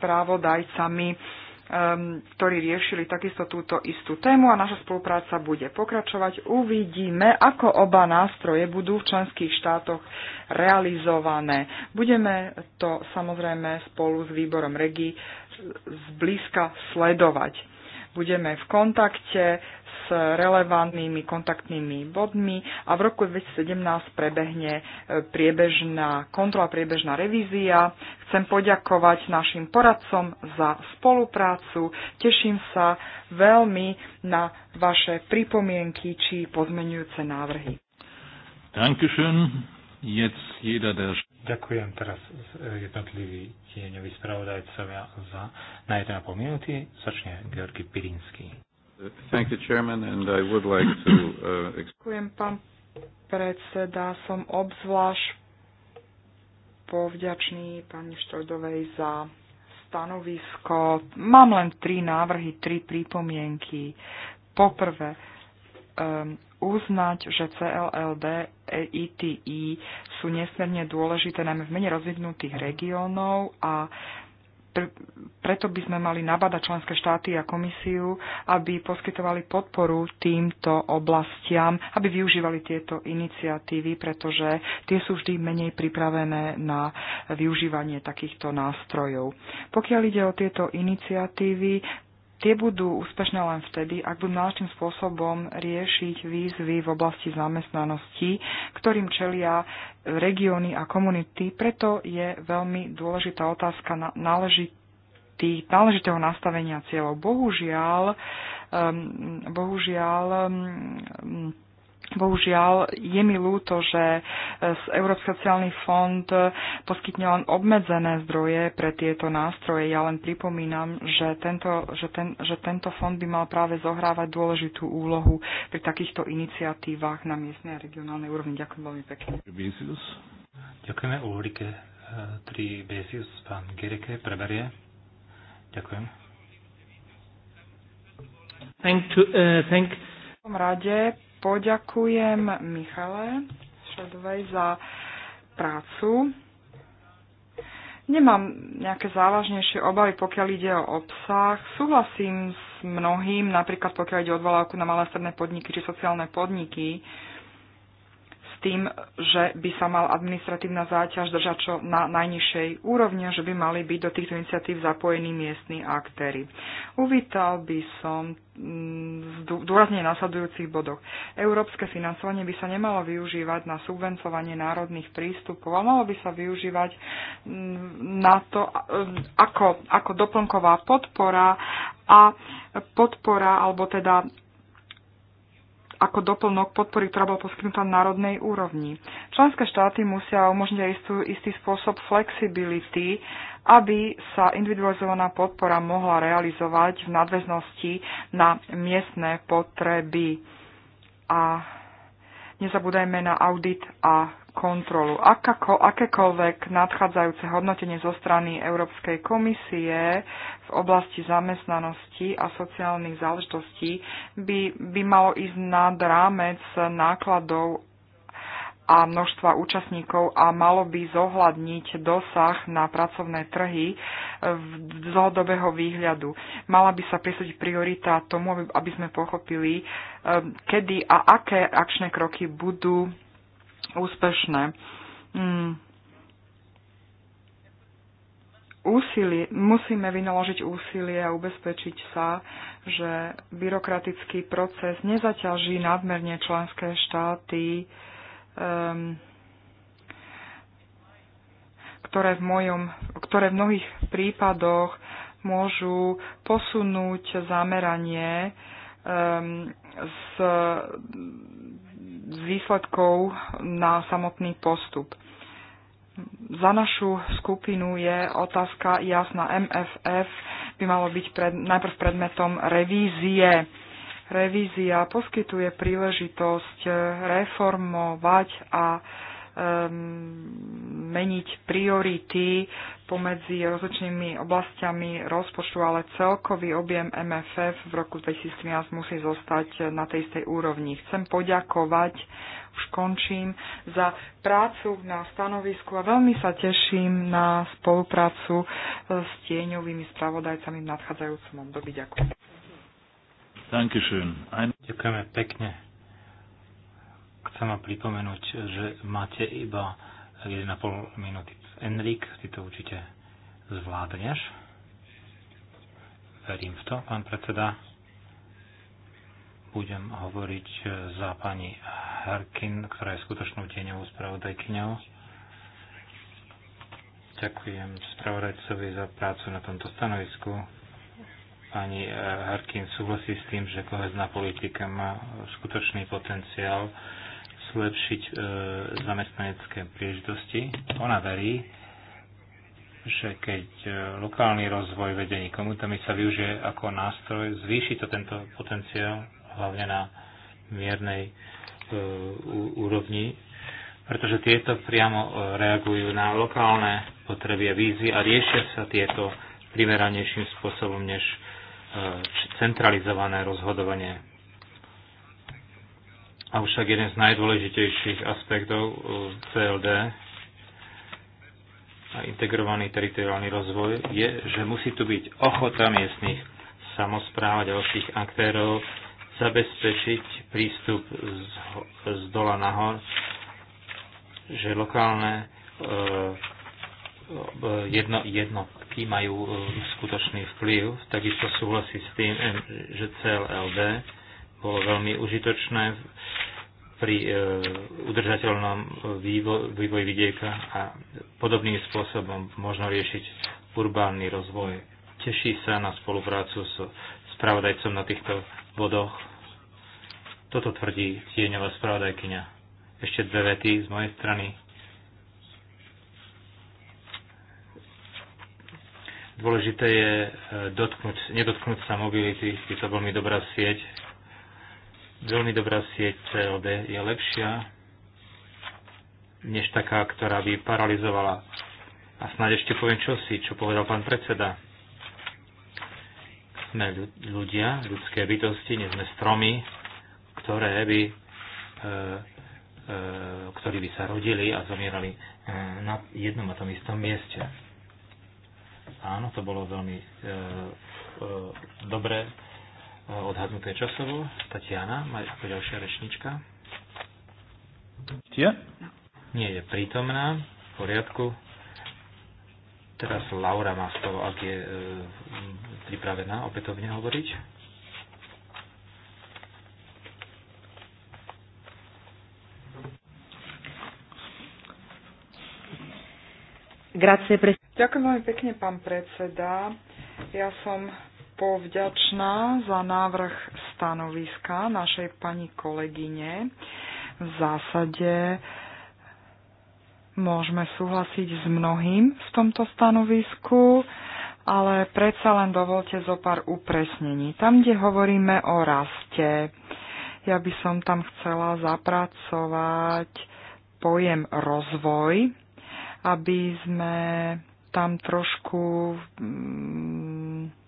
spravodajcami ktorí riešili takisto túto istú tému a naša spolupráca bude pokračovať. Uvidíme, ako oba nástroje budú v členských štátoch realizované. Budeme to samozrejme spolu s výborom REGI zblízka sledovať budeme v kontakte s relevantnými kontaktnými bodmi a v roku 2017 prebehne e, priebežná kontrola, priebežná revízia. Chcem poďakovať našim poradcom za spoluprácu. Teším sa veľmi na vaše pripomienky či pozmenujúce návrhy. Dankeschön. Jetzt jeder, der Ďakujem teraz e, jednotliví tieňoví spravodajcovia za na 1,5 minúty. Začne Georgi Pirinsky. Thank you, Chairman, and I would like to... Uh, Ďakujem, pán predseda. Som obzvlášť povďačný pani Štrojdovej za stanovisko. Mám len tri návrhy, tri pripomienky. Poprvé, um, uznať, že CLLD, EITI sú nesmierne dôležité najmä v menej rozvinutých regiónov a preto by sme mali nabadať členské štáty a komisiu, aby poskytovali podporu týmto oblastiam, aby využívali tieto iniciatívy, pretože tie sú vždy menej pripravené na využívanie takýchto nástrojov. Pokiaľ ide o tieto iniciatívy, Tie budú úspešné len vtedy, ak budú náležitým spôsobom riešiť výzvy v oblasti zamestnanosti, ktorým čelia regióny a komunity. Preto je veľmi dôležitá otázka náležitý, náležitého nastavenia cieľov. Bohužiaľ, um, bohužiaľ um, Bohužiaľ, je mi ľúto, že e, Európsky sociálny fond e, poskytne len obmedzené zdroje pre tieto nástroje. Ja len pripomínam, že tento, že, ten, že tento fond by mal práve zohrávať dôležitú úlohu pri takýchto iniciatívach na miestnej a regionálnej úrovni. Ďakujem veľmi pekne. Ďakujeme Ulrike 3 e, Bezius, pán Gereke, preberie. Ďakujem. Thank to, uh, thank... V tom rade poďakujem Michale Šedovej za prácu. Nemám nejaké závažnejšie obavy, pokiaľ ide o obsah. Súhlasím s mnohým, napríklad pokiaľ ide o odvolávku na malé stredné podniky či sociálne podniky. Uh, tým, že by sa mal administratívna záťaž držať čo na najnižšej úrovni a že by mali byť do týchto iniciatív zapojení miestni aktéry. Uvítal by som mm, dôrazne nasledujúcich bodoch. Európske financovanie by sa nemalo využívať na subvencovanie národných prístupov, ale malo by sa využívať mm, na to mm, ako, ako doplnková podpora a podpora alebo teda ako doplnok podpory, ktorá bola poskytnutá na národnej úrovni. Členské štáty musia umožniť aj istú, istý spôsob flexibility, aby sa individualizovaná podpora mohla realizovať v nadväznosti na miestne potreby. A nezabúdajme na audit a kontrolu. Akako, akékoľvek nadchádzajúce hodnotenie zo strany Európskej komisie v oblasti zamestnanosti a sociálnych záležitostí by, by malo ísť nad rámec nákladov a množstva účastníkov a malo by zohľadniť dosah na pracovné trhy v dlhodobého výhľadu. Mala by sa prisúdiť priorita tomu, aby sme pochopili, eh, kedy a aké akčné kroky budú úspešné. Mm. Úsilie, musíme vynaložiť úsilie a ubezpečiť sa, že byrokratický proces nezaťaží nadmerne členské štáty, um, ktoré, v mojom, ktoré v mnohých prípadoch môžu posunúť zameranie um, z výsledkov na samotný postup. Za našu skupinu je otázka jasná. MFF by malo byť pred, najprv predmetom revízie. Revízia poskytuje príležitosť reformovať a Um, meniť priority pomedzi rozličnými oblastiami rozpočtu, ale celkový objem MFF v roku 2013 musí zostať na tej istej úrovni. Chcem poďakovať, už končím, za prácu na stanovisku a veľmi sa teším na spoluprácu s tieňovými spravodajcami v nadchádzajúcom období. Ďakujem. Ďakujeme pekne. Chcem vám pripomenúť, že máte iba 1,5 minúty. Enrik, ty to určite zvládneš. Verím v to, pán predseda. Budem hovoriť za pani Harkin, ktorá je skutočnou tieňovou spravodajkyňou. Ďakujem spravodajcovi za prácu na tomto stanovisku. Pani Harkin súhlasí s tým, že kohezná politika má skutočný potenciál zlepšiť e, zamestnanecké príležitosti. Ona verí, že keď e, lokálny rozvoj vedení komunitami sa využije ako nástroj, zvýši to tento potenciál hlavne na miernej e, úrovni, pretože tieto priamo e, reagujú na lokálne potreby a vízy a riešia sa tieto primeranejším spôsobom než e, centralizované rozhodovanie Avšak jeden z najdôležitejších aspektov eh, CLD a integrovaný teritoriálny rozvoj je, že musí tu byť ochota miestnych samozpráv a ďalších aktérov zabezpečiť prístup z, z dola nahor, že lokálne eh, eh, jedno, jednotky majú skutočný vplyv. Takisto súhlasí s tým, že CLD bolo veľmi užitočné pri e, udržateľnom vývo, vývoji vidieka a podobným spôsobom možno riešiť urbánny rozvoj. Teší sa na spoluprácu s spravodajcom na týchto bodoch. Toto tvrdí tieňová spravodajkyňa. Ešte dve vety z mojej strany. Dôležité je e, dotknúť, nedotknúť sa mobility. Je to veľmi dobrá sieť Veľmi dobrá sieť CLD je lepšia než taká, ktorá by paralizovala. A snáď ešte poviem čosi, čo povedal pán predseda. Sme ľudia, ľudské bytosti, nie sme stromy, ktoré by, e, e, ktorí by sa rodili a zomierali e, na jednom a tom istom mieste. Áno, to bolo veľmi e, e, dobre Eh, odhadnuté časovo. Tatiana, má ako ďalšia rečnička. Tia? Nie je prítomná. V poriadku. Teraz Laura má slovo, ak je e, pripravená opätovne hovoriť. Grazie, pre... Ďakujem veľmi pekne, pán predseda. Ja som povďačná za návrh stanoviska našej pani kolegyne. V zásade môžeme súhlasiť s mnohým v tomto stanovisku, ale predsa len dovolte zo pár upresnení. Tam, kde hovoríme o raste, ja by som tam chcela zapracovať pojem rozvoj, aby sme tam trošku mm,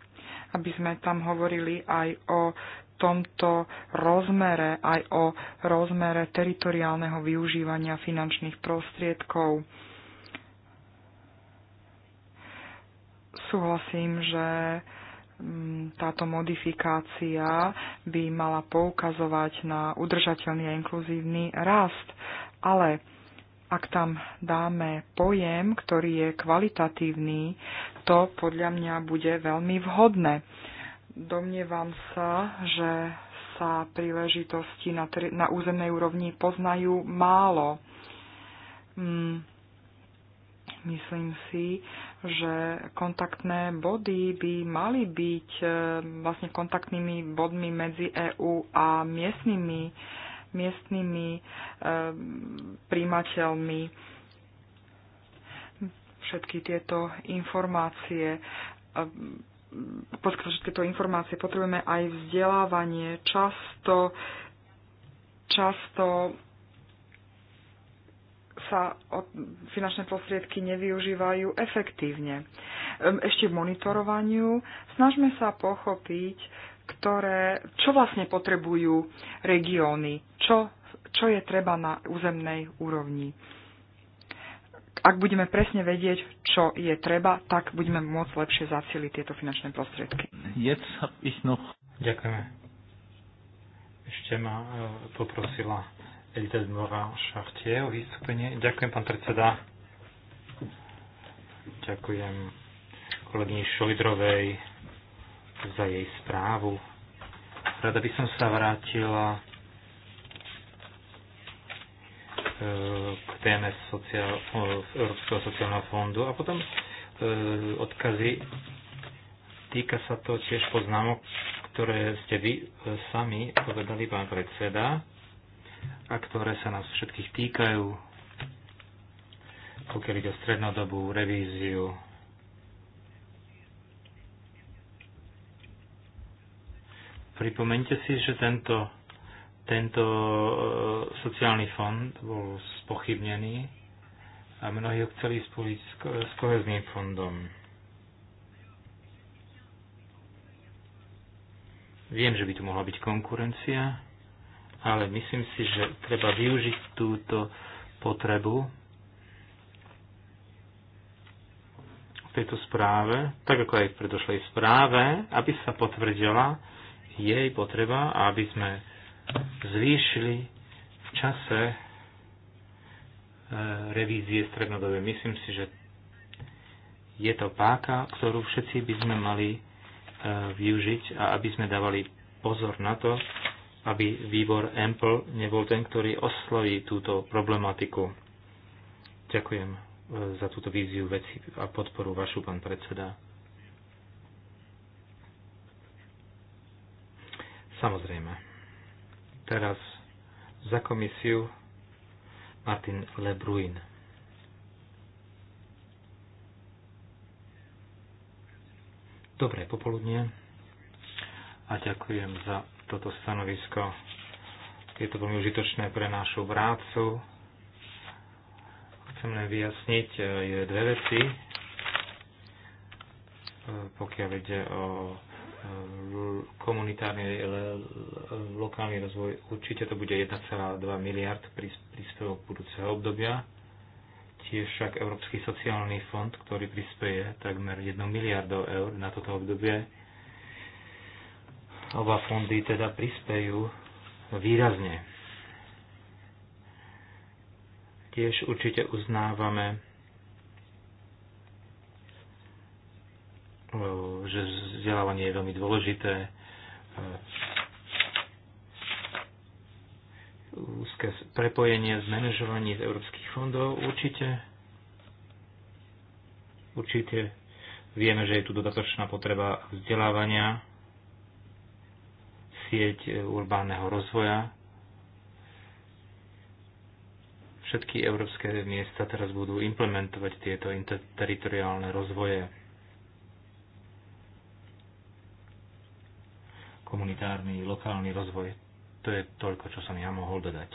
aby sme tam hovorili aj o tomto rozmere, aj o rozmere teritoriálneho využívania finančných prostriedkov. Súhlasím, že mm, táto modifikácia by mala poukazovať na udržateľný a inkluzívny rast, ale ak tam dáme pojem, ktorý je kvalitatívny, to podľa mňa bude veľmi vhodné. Domnievam sa, že sa príležitosti na, tri, na územnej úrovni poznajú málo. Mm, myslím si, že kontaktné body by mali byť e, vlastne kontaktnými bodmi medzi EÚ a miestnymi miestnymi eh, príjimateľmi všetky tieto informácie eh, poskytnúť všetky tieto informácie. Potrebujeme aj vzdelávanie. Často, často sa finančné prostriedky nevyužívajú efektívne. Ehm, ešte v monitorovaniu snažme sa pochopiť, ktoré, čo vlastne potrebujú regióny, čo, čo je treba na územnej úrovni. Ak budeme presne vedieť, čo je treba, tak budeme môcť lepšie zacieliť tieto finančné prostriedky. Ďakujeme. Ešte ma e, poprosila Elizabeth Mora Šartie o vystúpenie. Ďakujem, pán predseda. Ďakujem kolegyni Šolidrovej za jej správu. Rada by som sa vrátila e, k téme sociál, Európskeho sociálneho fondu a potom e, odkazy. Týka sa to tiež poznámok, ktoré ste vy e, sami povedali, pán predseda, a ktoré sa nás všetkých týkajú, pokiaľ ide o strednodobú revíziu pripomeňte si, že tento, tento e, sociálny fond bol spochybnený a mnohí ho chceli spojiť s kohezným fondom. Viem, že by tu mohla byť konkurencia, ale myslím si, že treba využiť túto potrebu v tejto správe, tak ako aj v predošlej správe, aby sa potvrdila, jej potreba, aby sme zvýšili v čase e, revízie strednodobie. Myslím si, že je to páka, ktorú všetci by sme mali e, využiť a aby sme dávali pozor na to, aby výbor EMPL nebol ten, ktorý osloví túto problematiku. Ďakujem e, za túto víziu veci a podporu vašu, pán predseda. Samozrejme. Teraz za komisiu Martin Lebruin. Dobré popoludne a ďakujem za toto stanovisko. Je to veľmi užitočné pre našu prácu. Chcem len vyjasniť eh, dve veci, eh, pokiaľ ide o komunitárny lokálny rozvoj. Určite to bude 1,2 miliard príspevok budúceho obdobia. Tiež však Európsky sociálny fond, ktorý prispieje takmer 1 miliardov eur na toto obdobie. Oba fondy teda prispejú výrazne. Tiež určite uznávame že vzdelávanie je veľmi dôležité. Úzke prepojenie s z európskych fondov určite. Určite vieme, že je tu dodatočná potreba vzdelávania, sieť urbánneho rozvoja. Všetky európske miesta teraz budú implementovať tieto interteritoriálne rozvoje komunitárny, lokálny rozvoj. To je toľko, čo som ja mohol dodať.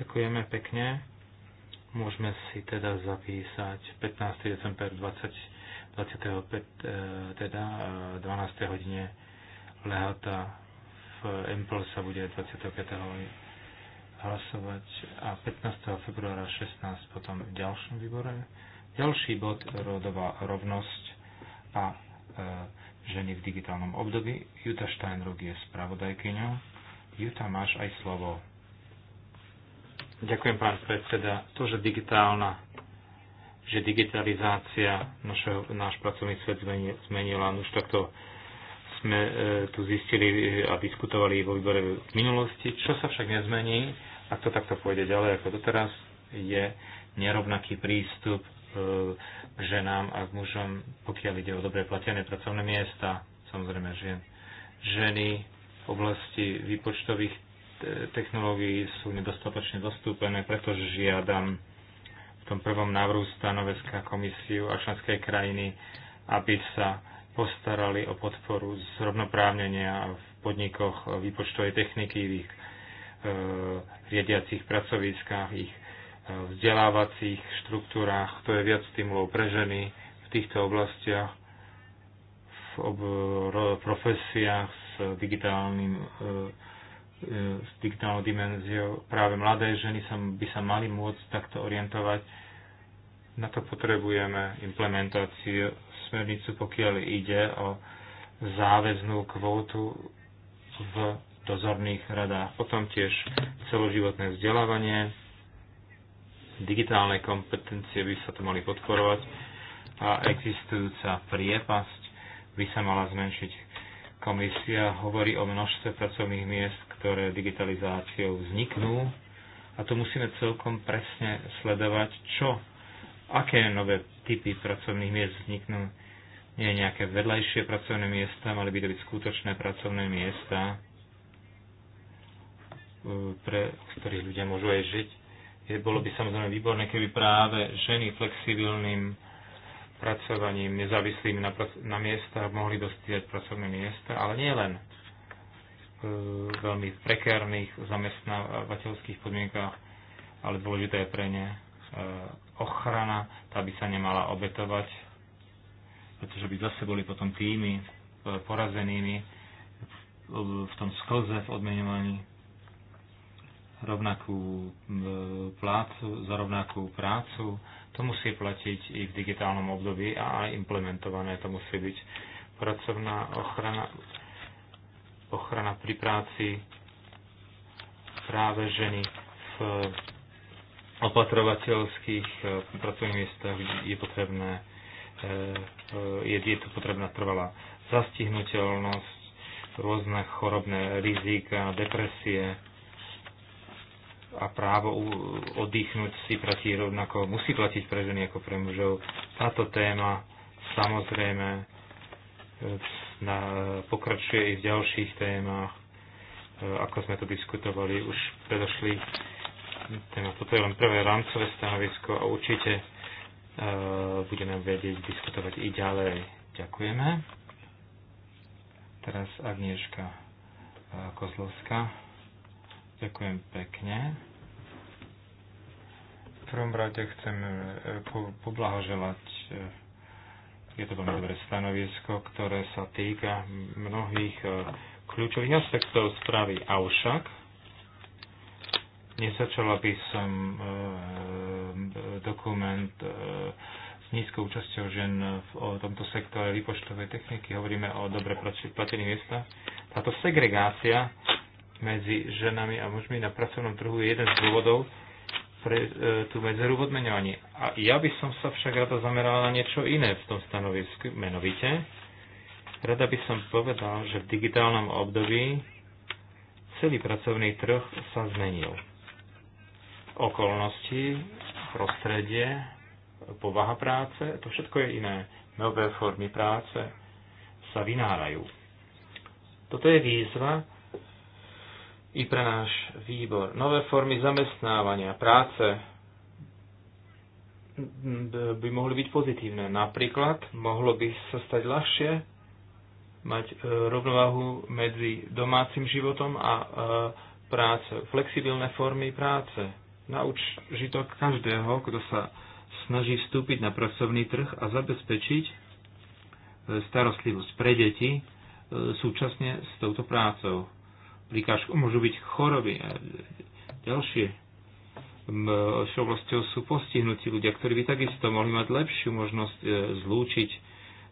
Ďakujeme pekne. Môžeme si teda zapísať 15. december 20, 25, e, teda 12. E, hodine lehata v Empl sa bude 25. hlasovať a 15. februára 16 potom v ďalšom výbore. Ďalší bod rodová rovnosť a e, ženy v digitálnom období. Juta Steinrug je spravodajkyňou. Juta, máš aj slovo. Ďakujem, pán predseda. To, že digitálna že digitalizácia našeho, náš pracovný svet zmenila, no už takto sme e, tu zistili a diskutovali vo výbore v minulosti. Čo sa však nezmení, ak to takto pôjde ďalej ako doteraz, je nerovnaký prístup k e, ženám a k mužom, pokiaľ ide o dobre platené pracovné miesta, samozrejme žien. Ženy v oblasti výpočtových technológií sú nedostatočne dostúpené, pretože žiadam v tom prvom návrhu stanoviska komisiu a členskej krajiny, aby sa postarali o podporu zrovnoprávnenia v podnikoch výpočtovej techniky, v ich e, riadiacich pracoviskách, ich vzdelávacích štruktúrách, to je viac stimulov pre ženy v týchto oblastiach, v ob- profesiách s digitálnym e, e, s digitálnou dimenziou. Práve mladé ženy sa, by sa mali môcť takto orientovať. Na to potrebujeme implementáciu smernicu, pokiaľ ide o záväznú kvótu v dozorných radách. Potom tiež celoživotné vzdelávanie, digitálne kompetencie by sa tu mali podporovať a existujúca priepasť by sa mala zmenšiť. Komisia hovorí o množstve pracovných miest, ktoré digitalizáciou vzniknú a to musíme celkom presne sledovať, čo, aké nové typy pracovných miest vzniknú. Nie nejaké vedľajšie pracovné miesta, mali by to byť skutočné pracovné miesta, pre ktorých ľudia môžu aj žiť je, bolo by samozrejme výborné, keby práve ženy flexibilným pracovaním, nezávislými na, na miesta mohli dostať pracovné miesta, ale nie len e, v veľmi prekárnych zamestnávateľských podmienkách, ale dôležité je pre ne e, ochrana, tá by sa nemala obetovať, pretože by zase boli potom tými e, porazenými v tom sklze v odmenovaní rovnakú plácu, za rovnakú prácu. To musí platiť i v digitálnom období a aj implementované. To musí byť pracovná ochrana, ochrana pri práci práve ženy v opatrovateľských e, pracovných miestach je potrebné e, e, je, je to potrebná trvalá zastihnutelnosť, rôzne chorobné rizika, depresie, a právo oddychnúť si platí rovnako, musí platiť pre ženy ako pre mužov. Táto téma samozrejme e, na, pokračuje i v ďalších témach, e, ako sme to diskutovali už predošli téma. Toto je len prvé rámcové stanovisko a určite uh, budeme vedieť diskutovať i ďalej. Ďakujeme. Teraz Agnieszka Kozlovská. Ďakujem pekne. V prvom rade chcem eh, poblahoželať eh, je to veľmi dobré stanovisko, ktoré sa týka mnohých eh, kľúčových aspektov správy. Avšak nezačala by som dokument s nízkou účasťou žen v tomto sektore výpočtovej techniky. Hovoríme o dobre platených miestach. Táto segregácia medzi ženami a mužmi na pracovnom trhu je jeden z dôvodov pre e, tú medzeru v odmenovaní. A ja by som sa však rada zamerala na niečo iné v tom stanovisku, menovite. Rada by som povedal, že v digitálnom období celý pracovný trh sa zmenil. Okolnosti, prostredie, povaha práce, to všetko je iné. Nové formy práce sa vynárajú. Toto je výzva, i pre náš výbor. Nové formy zamestnávania, práce by mohli byť pozitívne. Napríklad mohlo by sa stať ľahšie mať e, rovnováhu medzi domácim životom a e, práce, flexibilné formy práce. Na užitok každého, kto sa snaží vstúpiť na pracovný trh a zabezpečiť e, starostlivosť pre deti súčasne s touto prácou prikážku, môžu byť choroby a ďalšie všeoblasťou sú postihnutí ľudia, ktorí by takisto mohli mať lepšiu možnosť e, zlúčiť,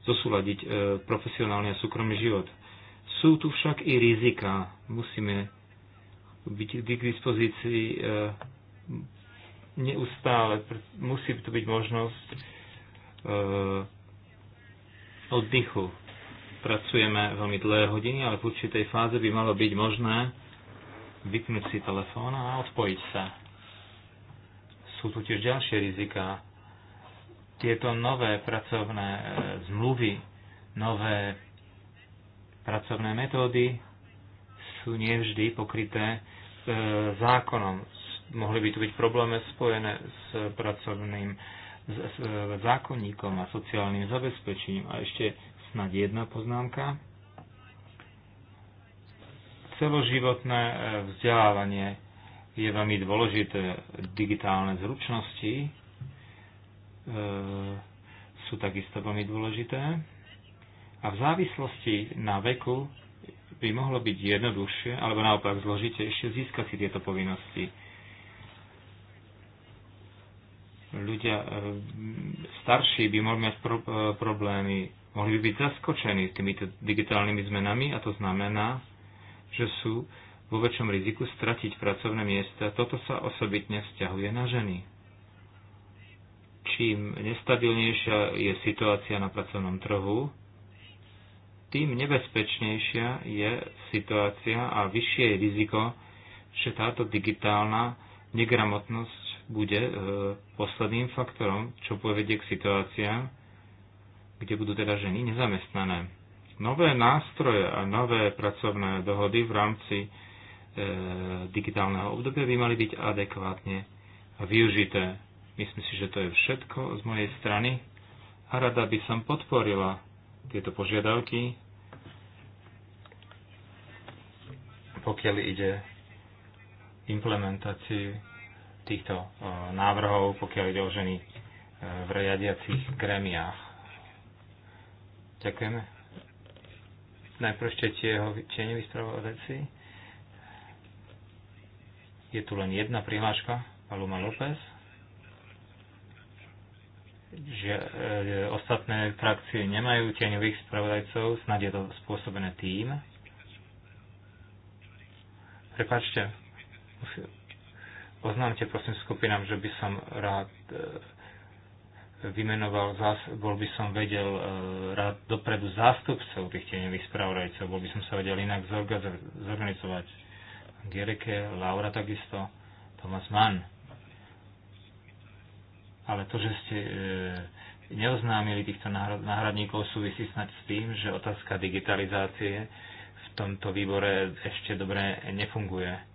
zosúľadiť e, profesionálny a súkromný život. Sú tu však i rizika. Musíme byť k dispozícii e, neustále. Musí tu byť možnosť oddychu pracujeme veľmi dlhé hodiny, ale v určitej fáze by malo byť možné vypnúť si telefón a odpojiť sa. Sú tu tiež ďalšie rizika. Tieto nové pracovné e, zmluvy, nové pracovné metódy sú nevždy pokryté e, zákonom. Mohli by tu byť problémy spojené s pracovným e, zákonníkom a sociálnym zabezpečením. A ešte snad jedna poznámka. Celoživotné e, vzdelávanie je veľmi dôležité. Digitálne zručnosti e, sú takisto veľmi dôležité. A v závislosti na veku by mohlo byť jednoduchšie, alebo naopak zložitejšie získať si tieto povinnosti. Ľudia e, starší by mohli mať pro, problémy mohli by byť zaskočení týmito digitálnymi zmenami a to znamená, že sú vo väčšom riziku stratiť pracovné miesta. Toto sa osobitne vzťahuje na ženy. Čím nestabilnejšia je situácia na pracovnom trhu, tým nebezpečnejšia je situácia a vyššie je riziko, že táto digitálna negramotnosť bude e, posledným faktorom, čo povedie k situáciám, kde budú teda ženy nezamestnané. Nové nástroje a nové pracovné dohody v rámci e, digitálneho obdobia by mali byť adekvátne využité. Myslím si, že to je všetko z mojej strany a rada by som podporila tieto požiadavky, pokiaľ ide implementáciu týchto e, návrhov, pokiaľ ide o ženy e, v riadiacich gremiách. Ďakujeme. Najprv ešte jeho tieňový spravodajci. Je tu len jedna prihláška, Paloma López. Že, e, ostatné frakcie nemajú tieňových spravodajcov, snad je to spôsobené tým. Prepačte, musím, oznámte prosím skupinám, že by som rád e, vymenoval, bol by som vedel e, rád dopredu zástupcov tých tieňových spravodajcov, bol by som sa vedel inak zorganizovať. Gereke, Laura takisto, Thomas Mann. Ale to, že ste e, neoznámili týchto náhradníkov, súvisí snad s tým, že otázka digitalizácie v tomto výbore ešte dobre nefunguje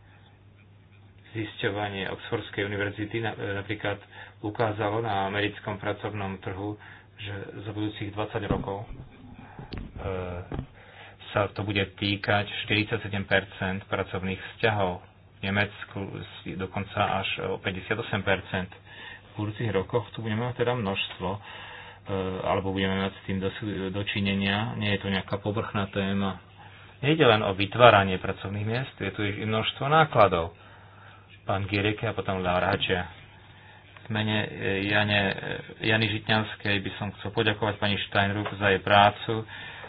Zisťovanie Oxfordskej univerzity napríklad ukázalo na americkom pracovnom trhu, že za budúcich 20 rokov e, sa to bude týkať 47 pracovných vzťahov. V Nemecku dokonca až o 58 V budúcich rokoch tu budeme mať teda množstvo, e, alebo budeme mať s tým dočinenia. Nie je to nejaká povrchná téma. Nejde len o vytváranie pracovných miest, je tu ich množstvo nákladov pán Girike a potom Lauráčia. V mene e, Jane, e, Jany Žitňanskej by som chcel poďakovať pani Steinruck za jej prácu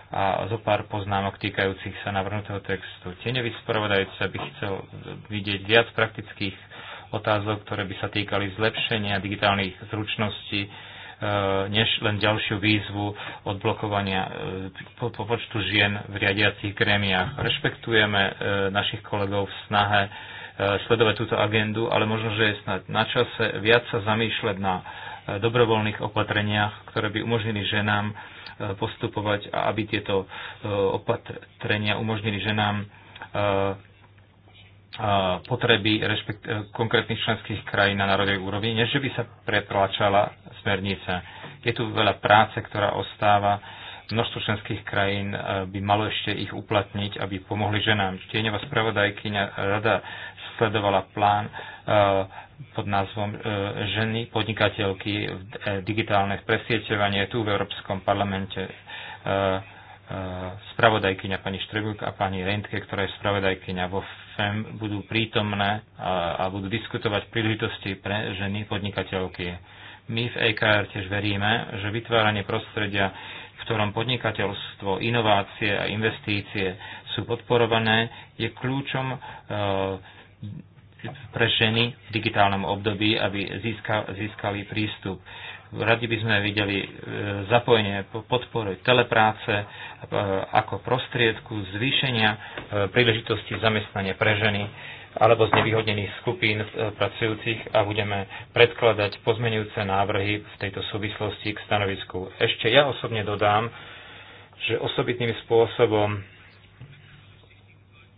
a zo pár poznámok týkajúcich sa navrhnutého textu. Tenevý spravodajca by chcel vidieť viac praktických otázok, ktoré by sa týkali zlepšenia digitálnych zručností, e, než len ďalšiu výzvu odblokovania po, po počtu žien v riadiacich gremiách. Rešpektujeme našich kolegov v snahe Eh, sledovať túto agendu, ale možno, že je snad na čase viac sa zamýšľať na eh, dobrovoľných opatreniach, ktoré by umožnili ženám eh, postupovať a aby tieto opatrenia umožnili ženám potreby konkrétnych členských krajín na národnej úrovni, než by sa pretláčala smernica. Je tu veľa práce, ktorá ostáva. Množstvo členských krajín by malo ešte ich uplatniť, aby pomohli ženám. Tieňová spravodajkyňa rada sledovala plán e, pod názvom e, Ženy podnikateľky v e, digitálne presieťovanie tu v Európskom parlamente spravodajkyňa pani Štrebuk a pani Rentke, ktorá je spravodajkyňa vo FEM, budú prítomné a, budú diskutovať príležitosti pre ženy podnikateľky. My v EKR tiež veríme, že vytváranie prostredia, v ktorom podnikateľstvo, inovácie a investície sú podporované, je kľúčom pre ženy v digitálnom období, aby získali prístup. Radi by sme videli e, zapojenie podpory telepráce e, ako prostriedku zvýšenia e, príležitosti zamestnania pre ženy alebo z nevyhodnených skupín pracujúcich a budeme predkladať pozmenujúce návrhy v tejto súvislosti k stanovisku. Ešte ja osobne dodám, že osobitným spôsobom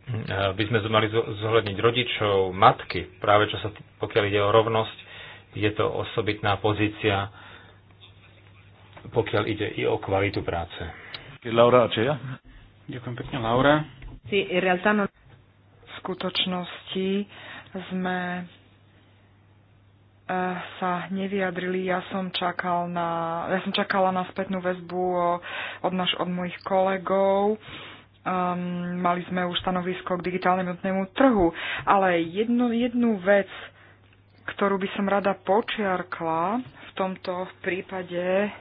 Eh, by sme mali zohľadniť rodičov, matky, práve čo sa, pokiaľ ide o rovnosť, je to osobitná pozícia, pokiaľ ide i o kvalitu práce. Laura Ačeja. Ďakujem pekne, Laura. V skutočnosti sme eh, sa nevyjadrili. Ja som, čakal na, ja som čakala na spätnú väzbu od, naš, od mojich kolegov. Um, mali sme už stanovisko k digitálnemu nutnému trhu, ale jednu, jednu vec, ktorú by som rada počiarkla v tomto prípade,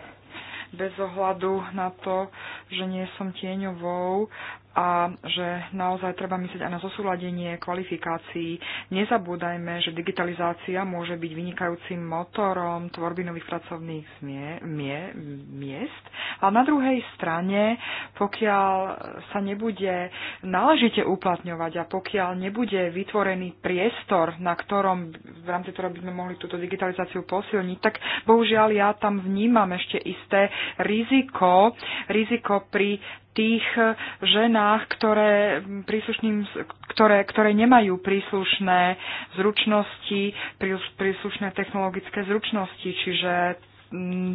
bez ohľadu na to, že nie som tieňovou, a že naozaj treba myslieť aj na zosúladenie kvalifikácií. Nezabúdajme, že digitalizácia môže byť vynikajúcim motorom tvorby nových pracovných mie, mie, miest, ale na druhej strane, pokiaľ sa nebude náležite uplatňovať a pokiaľ nebude vytvorený priestor, na ktorom, v rámci ktorého by sme mohli túto digitalizáciu posilniť, tak bohužiaľ ja tam vnímam ešte isté riziko, riziko pri tých eh, ženách, ktoré, mm, ktoré, ktoré nemajú príslušné zručnosti, príslušné technologické zručnosti, čiže mm,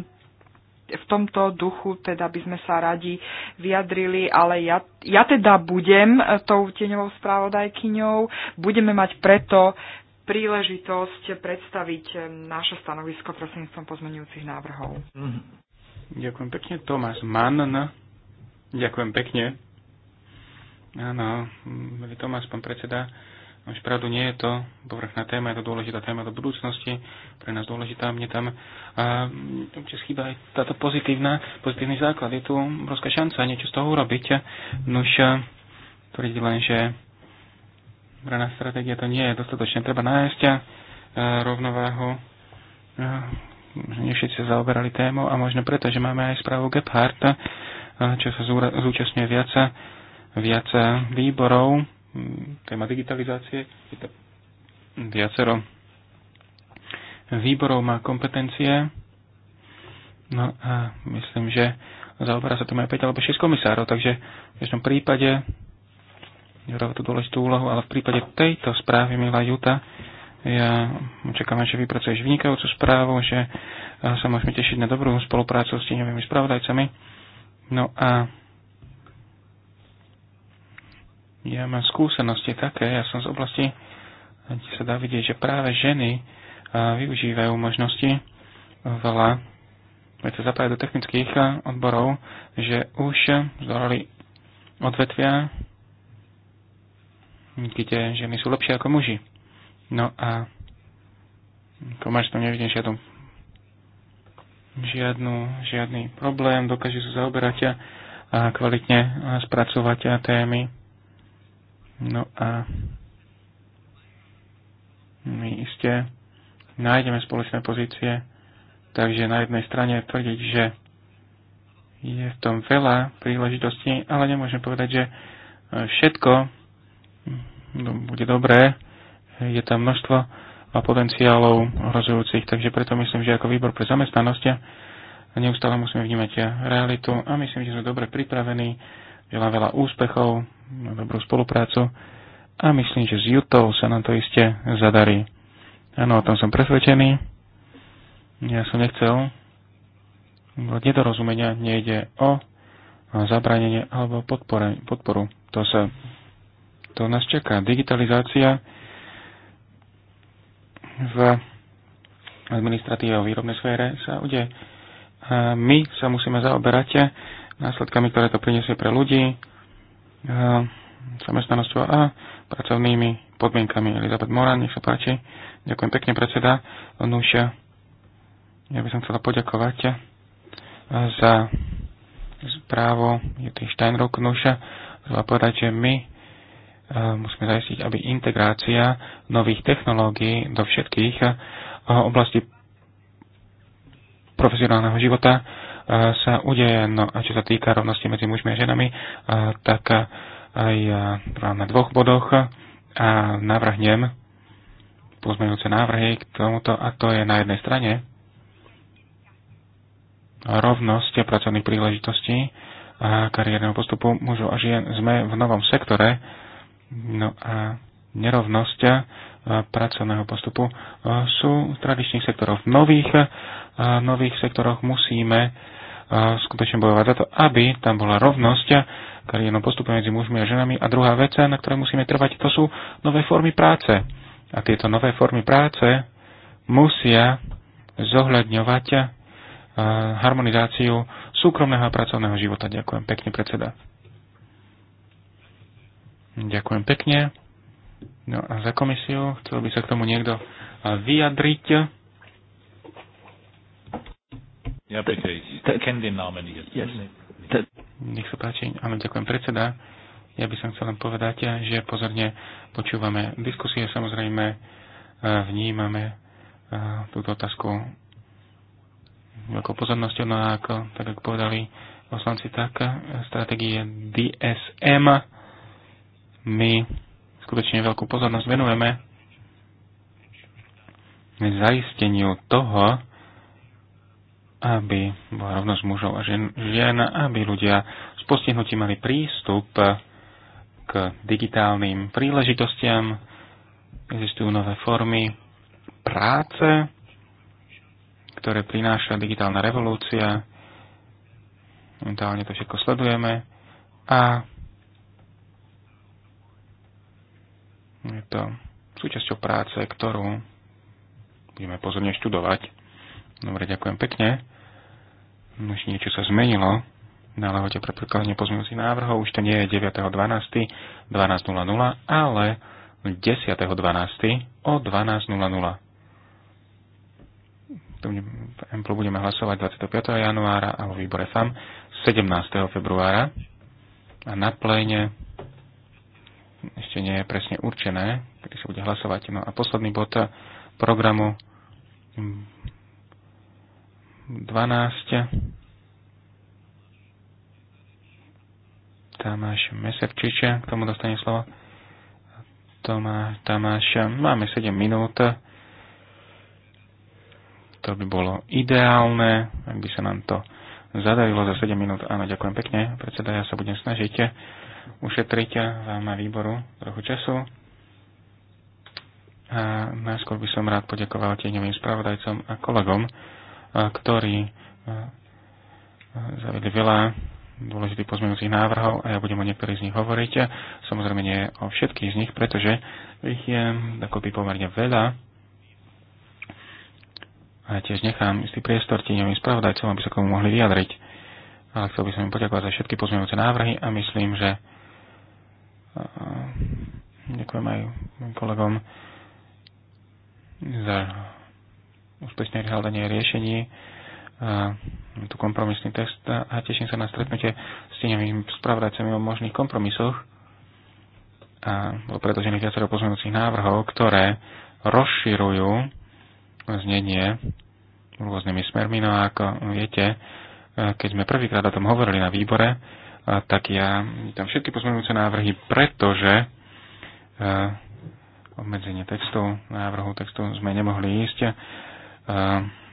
v tomto duchu teda by sme sa radi vyjadrili, ale ja, ja teda budem eh, tou tieňovou správodajkyňou, budeme mať preto príležitosť predstaviť eh, naše stanovisko prostredníctvom pozmenujúcich návrhov. Mhm. Ďakujem pekne. Tomáš Mann Ďakujem pekne. Áno, milý Tomáš, pán predseda, už pravdu nie je to povrchná téma, je to dôležitá téma do budúcnosti, pre nás dôležitá, mne tam a, občas chýba aj táto pozitívna, pozitívny základ, je tu obrovská šanca niečo z toho urobiť, nož tvrdí len, že pre nás stratégia to nie je dostatočne, treba nájsť a, rovnováhu, a, nie všetci sa zaoberali tému a možno preto, že máme aj správu Gebhardt, čo sa zúčastňuje viac, výborov, mm, téma digitalizácie, viacero výborov má kompetencie, no a myslím, že zaoberá sa to aj 5 alebo 6 komisárov, takže v každom prípade hráva tú dôležitú úlohu, ale v prípade tejto správy, milá Juta, ja očakávam, že vypracuješ vynikajúcu správu, že sa môžeme tešiť na dobrú spoluprácu s tieňovými spravodajcami No a ja mám skúsenosti také, ja som z oblasti, kde sa dá vidieť, že práve ženy využívajú možnosti veľa, keď sa zapája do technických odborov, že už zdorali odvetvia, kde ženy sú lepšie ako muži. No a tam nevidím žiadnu žiadnu, žiadny problém, dokáže sa zaoberať a kvalitne spracovať a témy. No a my iste nájdeme spoločné pozície, takže na jednej strane tvrdiť, že je v tom veľa príležitostí, ale nemôžem povedať, že všetko no, bude dobré, je tam množstvo a potenciálov hrozujúcich. Takže preto myslím, že ako výbor pre zamestnanosť neustále musíme vnímať realitu a myslím, že sme dobre pripravení. Želám veľa úspechov, dobrú spoluprácu a myslím, že s Jutou sa nám to iste zadarí. Áno, o tom som presvedčený. Ja som nechcel. Nedorozumenia nejde o zabranenie alebo podporu. To, sa, to nás čaká. Digitalizácia v administratíve o výrobnej sfére sa udeje. My sa musíme zaoberať následkami, ktoré to priniesie pre ľudí, zamestnanosťou a pracovnými podmienkami. Elizabet Moran, nech sa páči. Ďakujem pekne, predseda. Nuž, ja by som chcela poďakovať za správu Juty Steinruck. Nuž, treba povedať, že my musíme zajistiť, aby integrácia nových technológií do všetkých eh, oblastí profesionálneho života eh, sa udeje. No a čo sa týka rovnosti medzi mužmi a ženami, eh, tak aj na dvoch bodoch a navrhnem pozmeňujúce návrhy k tomuto a to je na jednej strane rovnosť pracovných príležitostí a kariérneho postupu mužov a žien. Sme v novom sektore, No a nerovnosť e, pracovného postupu e, sú v tradičných sektoroch. V nových, e, nových sektoroch musíme skutočne bojovať za to, aby tam bola rovnosť kariérnom postupu medzi mužmi a ženami. A druhá vec, na ktorej musíme trvať, to sú nové formy práce. A tieto nové formy práce musia zohľadňovať harmonizáciu súkromného a pracovného života. Ďakujem pekne, predseda. Ďakujem pekne. No a za komisiu chcel by sa k tomu niekto vyjadriť. Ja Nech sa páči. Áno, ďakujem predseda. Ja by som chcel len povedať, že pozorne počúvame diskusie, samozrejme vnímame túto otázku veľkou pozornosťou, no a ako, tak ako povedali poslanci, tak stratégie DSM my skutočne veľkú pozornosť venujeme zaisteniu toho, aby bola rovnosť mužov a žien, žien, aby ľudia s postihnutím mali prístup k digitálnym príležitostiam, existujú nové formy práce, ktoré prináša digitálna revolúcia. Momentálne to všetko sledujeme a Je to súčasťou práce, ktorú budeme pozorne študovať. Dobre, ďakujem pekne. Už no, niečo sa zmenilo na lehote pre prekladanie pozmeňujúcich návrhov. Už to nie je 9.12. 12.00, ale 10.12. o 12.00. v Emplu budeme hlasovať 25. januára a vo výbore FAM 17. februára a na pléne ešte nie je presne určené, kedy sa bude hlasovať. No a posledný bod programu 12. Mm, Tamáš Mesevčiče, k tomu dostane slovo. Tomá, Tamáš, máme 7 minút. To by bolo ideálne, ak by sa nám to zadarilo za 7 minút. Áno, ďakujem pekne, predseda, ja sa budem snažiť ušetriť vám na výboru trochu času. A najskôr by som rád poďakoval tieňovým spravodajcom a kolegom, ktorí zavedli veľa dôležitých pozmeňujúcich návrhov a ja budem o niektorých z nich hovoriť. Samozrejme nie o všetkých z nich, pretože ich je dokopy pomerne veľa. A tiež nechám istý priestor tieňovým spravodajcom, aby sa komu mohli vyjadriť. Ale chcel by som im poďakovať za všetky pozmeňujúce návrhy a myslím, že Ďakujem aj kolegom za úspešné hľadanie riešení. A tu kompromisný text a teším sa na stretnutie s tými spravodajcami o možných kompromisoch. A bolo predložených viacero pozmeňujúcich návrhov, ktoré rozširujú znenie rôznymi smermi. No a ako viete, e, keď sme prvýkrát o tom hovorili na výbore, tak ja tam všetky pozmeňujúce návrhy, pretože e, obmedzenie textov, návrhu textov sme nemohli ísť e,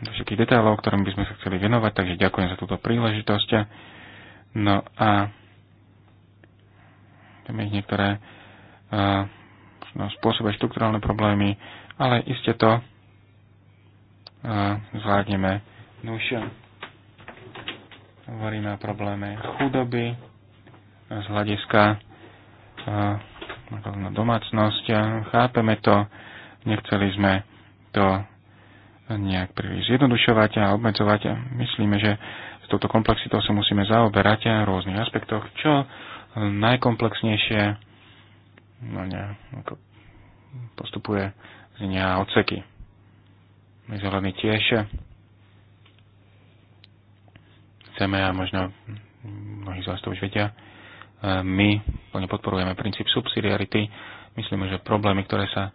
do všetkých detailov, ktorým by sme sa chceli venovať, takže ďakujem za túto príležitosť. No a tam je niektoré no, spôsobe štruktúrálne problémy, ale iste to zvládneme. No hovoríme o probléme chudoby z hľadiska eh, domácnosť. Chápeme to, nechceli sme to nejak príliš zjednodušovať a obmedzovať. Myslíme, že s touto komplexitou sa musíme zaoberať a v rôznych aspektoch, čo najkomplexnejšie no ne, ako postupuje z odseky. My zelení tiež téme a možno mnohí z vás to už vedia, my plne podporujeme princíp subsidiarity. Myslíme, že problémy, ktoré sa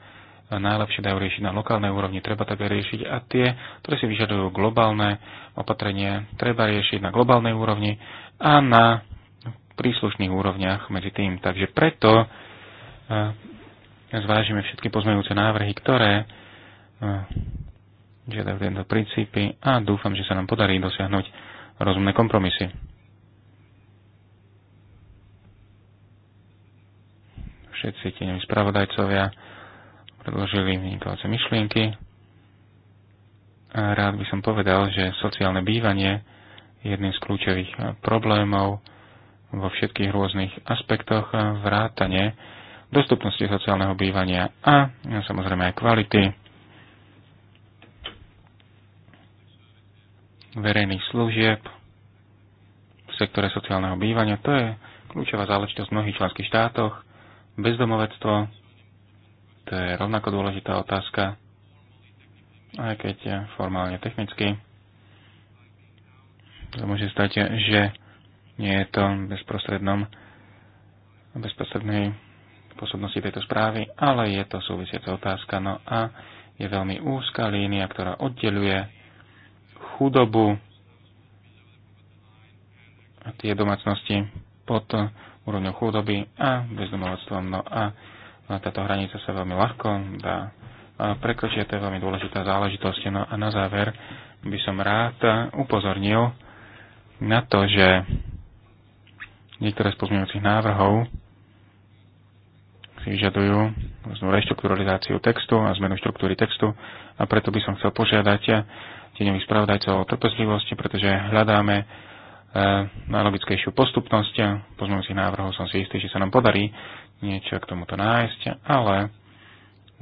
najlepšie dajú riešiť na lokálnej úrovni, treba také riešiť a tie, ktoré si vyžadujú globálne opatrenie, treba riešiť na globálnej úrovni a na príslušných úrovniach medzi tým. Takže preto eh, zvážime všetky pozmejúce návrhy, ktoré eh, žiadajú tento princípy a dúfam, že sa nám podarí dosiahnuť rozumné kompromisy. Všetci tieňoví spravodajcovia predložili vynikajúce myšlienky. A rád by som povedal, že sociálne bývanie je jedným z kľúčových problémov vo všetkých rôznych aspektoch vrátane dostupnosti sociálneho bývania a samozrejme aj kvality verejných služieb v sektore sociálneho bývania. To je kľúčová záležitosť v mnohých členských štátoch. Bezdomovectvo, to je rovnako dôležitá otázka, aj keď je formálne technicky. To môže stať, že nie je to v bezprostrednom bezprostrednej posobnosti tejto správy, ale je to súvisiaca otázka, no a je veľmi úzka línia, ktorá oddeluje chudobu a tie domácnosti pod úrovňou chudoby a bezdomovactvom. No a táto hranica sa veľmi ľahko dá prekročiť. To je veľmi dôležitá záležitosť. No a na záver by som rád upozornil na to, že niektoré z pozmeňujúcich návrhov si vyžadujú reštrukturalizáciu textu a zmenu štruktúry textu a preto by som chcel požiadať tieňových spravodajcov o trpezlivosti, pretože hľadáme e, eh, najlogickejšiu postupnosť. Pozmúcich návrhov som si istý, že sa nám podarí niečo k tomuto nájsť, ale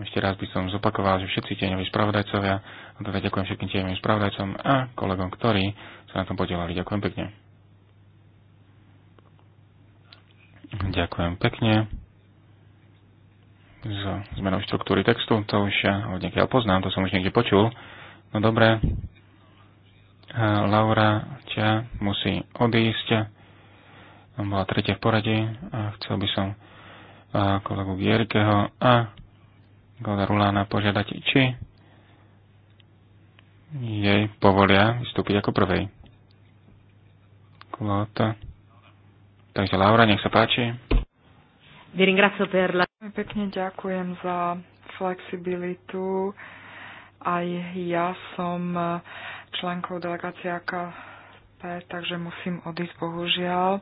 ešte raz by som zopakoval, že všetci tieňoví spravodajcovia, a teda ďakujem všetkým tieňovým spravodajcom a kolegom, ktorí sa na tom podielali. Ďakujem pekne. Ďakujem pekne s zmenou štruktúry textu, to už ja od poznám, to som už niekde počul. No dobre, Laura ťa musí odísť. On Bola tretia v poradí a chcel by som kolegu Gierkeho a kolega Rulána požiadať, či jej povolia vystúpiť ako prvej. Kvota. Takže Laura, nech sa páči. Pekne ďakujem za flexibilitu aj ja som členkou delegácie AKP, takže musím odísť bohužiaľ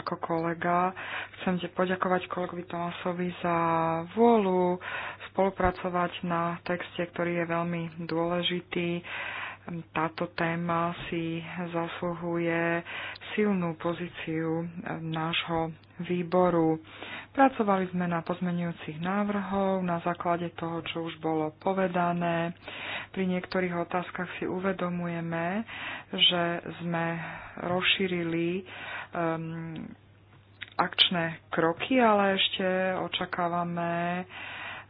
ako kolega. Chcem ti poďakovať kolegovi Tomasovi za vôľu spolupracovať na texte, ktorý je veľmi dôležitý táto téma si zasluhuje silnú pozíciu nášho výboru. Pracovali sme na pozmenujúcich návrhov na základe toho, čo už bolo povedané. Pri niektorých otázkach si uvedomujeme, že sme rozšírili um, akčné kroky, ale ešte očakávame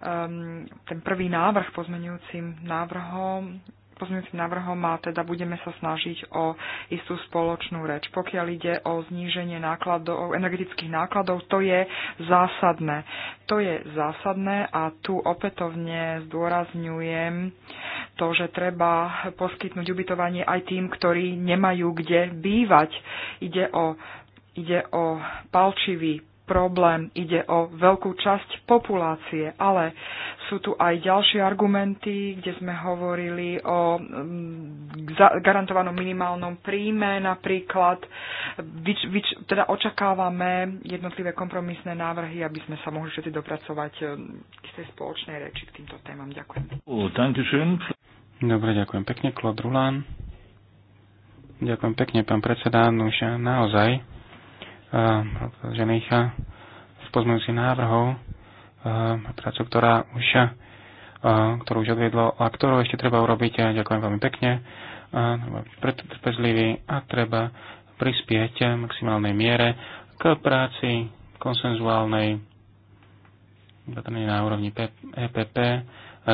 um, ten prvý návrh pozmenujúcim návrhom pozmeňujúcim návrhom a teda budeme sa snažiť o istú spoločnú reč. Pokiaľ ide o zníženie nákladov, energetických nákladov, to je zásadné. To je zásadné a tu opätovne zdôrazňujem to, že treba poskytnúť ubytovanie aj tým, ktorí nemajú kde bývať. Ide o, ide o palčivý problém. Ide o veľkú časť populácie, ale sú tu aj ďalšie argumenty, kde sme hovorili o mm, garantovanom minimálnom príjme napríklad. Vyč, vyč, teda očakávame jednotlivé kompromisné návrhy, aby sme sa mohli všetci dopracovať e, k tej spoločnej reči k týmto témam. Ďakujem. Dobre, ďakujem pekne, Klod Rulán. Ďakujem pekne, pán predseda. už naozaj žených pozmeňujúcich návrhov, prácu, ktorá už, ktorú už odviedlo a ktorú ešte treba urobiť. a Ďakujem veľmi pekne. Trpezlivý a treba prispieť maximálnej miere k práci konsenzuálnej na úrovni EPP e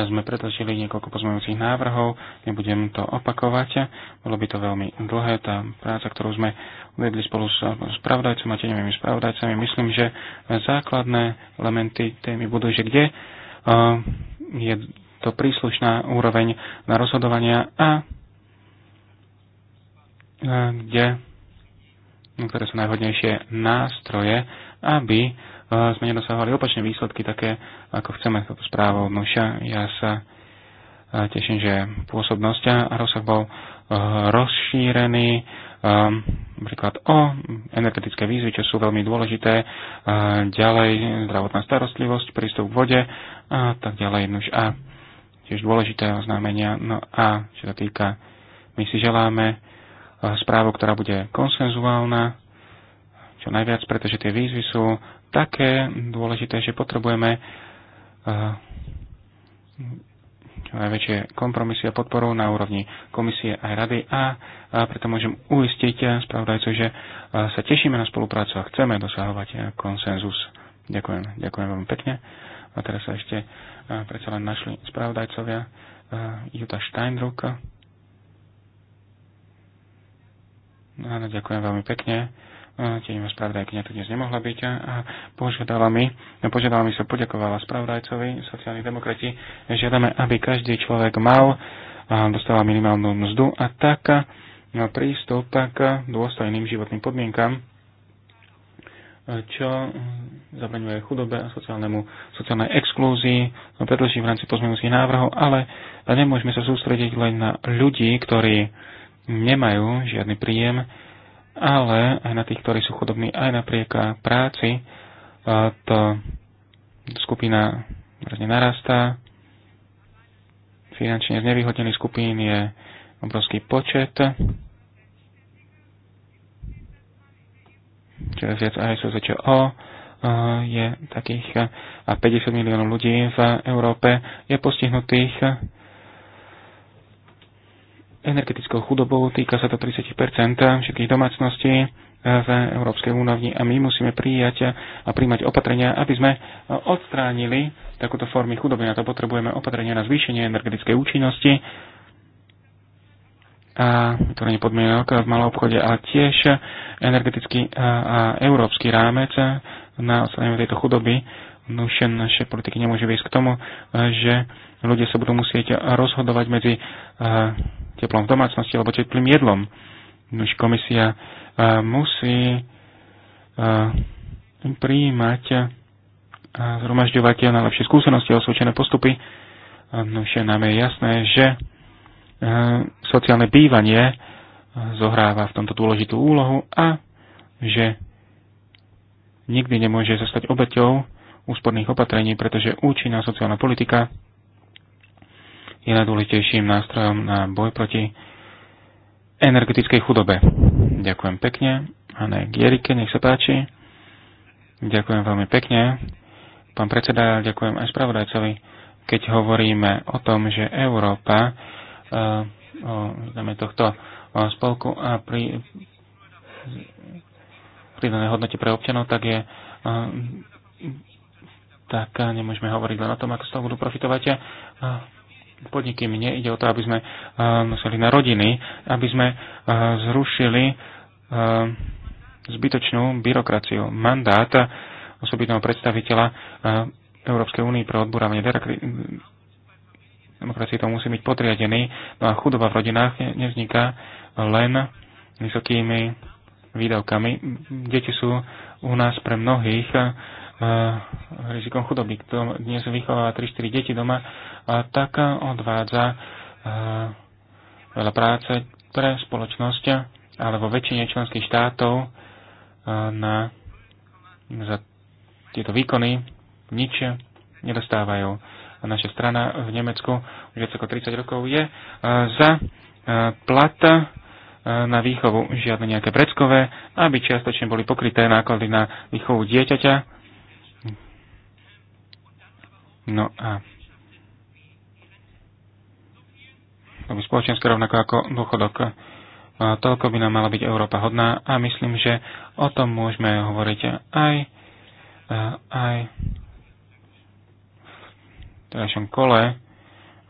sme predložili niekoľko pozmeňujúcich návrhov, nebudem to opakovať, bolo by to veľmi dlhé, tá práca, ktorú sme uvedli spolu s spravodajcom a teňovými spravodajcami, myslím, že základné elementy témy budú, že kde je to príslušná úroveň na rozhodovania a kde no, ktoré sú najhodnejšie nástroje, aby sme nedosahovali opačné výsledky také, ako chceme toto správou. Nuša, ja sa teším, že pôsobnosť a rozsah bol e, rozšírený e, napríklad o energetické výzvy, čo sú veľmi dôležité, e, ďalej zdravotná starostlivosť, prístup k vode a tak ďalej. Nuž a tiež dôležité oznámenia. No a čo sa týka, my si želáme správu, ktorá bude konsenzuálna, čo najviac, pretože tie výzvy sú také dôležité, že potrebujeme eh, čo najväčšie kompromisy a podporu na úrovni komisie aj rady a, a preto môžem uistiť spravodajcov, že eh, sa tešíme na spoluprácu a chceme dosahovať eh, konsenzus. Ďakujem, ďakujem veľmi pekne. A teraz sa ešte predsa len našli spravodajcovia Juta Steinruck. Áno, ďakujem veľmi pekne tieňová spravodajkynia tu dnes nemohla byť a požiadala mi, no, požiadala mi sa, poďakovala spravodajcovi sociálnych demokrati. Žiadame, aby každý človek mal, dostala minimálnu mzdu a tak no, prístup k dôstojným životným podmienkam, čo zabraňuje chudobe a sociálnemu, sociálnej exklúzii, no, predlží v rámci pozmenujúcich návrhov, ale nemôžeme sa sústrediť len na ľudí, ktorí nemajú žiadny príjem, ale aj na tých, ktorí sú chudobní, aj napriek eh, práci, eh, to skupina rozne narastá. Finančne znevýhodnený skupín je obrovský počet. Čiže viac aj SZČO eh, je takých a 50 miliónov ľudí v Európe je postihnutých energetickou chudobou, týka sa to 30 všetkých domácností eh, v Európskej úrovni a my musíme prijať a príjmať opatrenia, aby sme eh, odstránili takúto formy chudoby. Na to potrebujeme opatrenia na zvýšenie energetickej účinnosti a vytvorenie podmienok v malom obchode ale tiež energetický a, eh, a európsky rámec na odstránenie tejto chudoby. Nuž no, naše politiky nemôže viesť k tomu, že ľudia sa budú musieť rozhodovať medzi teplom v domácnosti alebo teplým jedlom. Už komisia e, musí e, prijímať a zhromažďovať najlepšie skúsenosti a osvedčené postupy. No už nám je jasné, že e, sociálne bývanie zohráva v tomto dôležitú úlohu a že nikdy nemôže zostať obeťou úsporných opatrení, pretože účinná sociálna politika je najdôležitejším nástrojom na boj proti energetickej chudobe. Ďakujem pekne. Hane Gierike, nech sa páči. Ďakujem veľmi pekne. Pán predseda, ďakujem aj spravodajcovi, keď hovoríme o tom, že Európa eh, o, tohto spolku a pri pridanej hodnote pre občanov, tak je eh, tak nemôžeme hovoriť len o tom, ako z toho budú profitovať eh, podniky. Mne ide o to, aby sme museli eh, na rodiny, aby sme eh, zrušili eh, zbytočnú byrokraciu. Mandát osobitného predstaviteľa Európskej únie pre odburávanie demokracie to musí byť podriadený. No a chudoba v rodinách nevzniká len vysokými výdavkami. Deti sú u nás pre mnohých rizikom chudoby. Kto dnes vychováva 3-4 deti doma, tak odvádza veľa práce pre spoločnosť, ale vo väčšine členských štátov na, za tieto výkony nič nedostávajú. A naša strana v Nemecku už viac ako 30 rokov je za plat na výchovu žiadne nejaké predskové, aby čiastočne boli pokryté náklady na výchovu dieťaťa No a lebo spoločenské rovnako ako dôchodok. A toľko by nám mala byť Európa hodná a myslím, že o tom môžeme hovoriť aj, aj v našom kole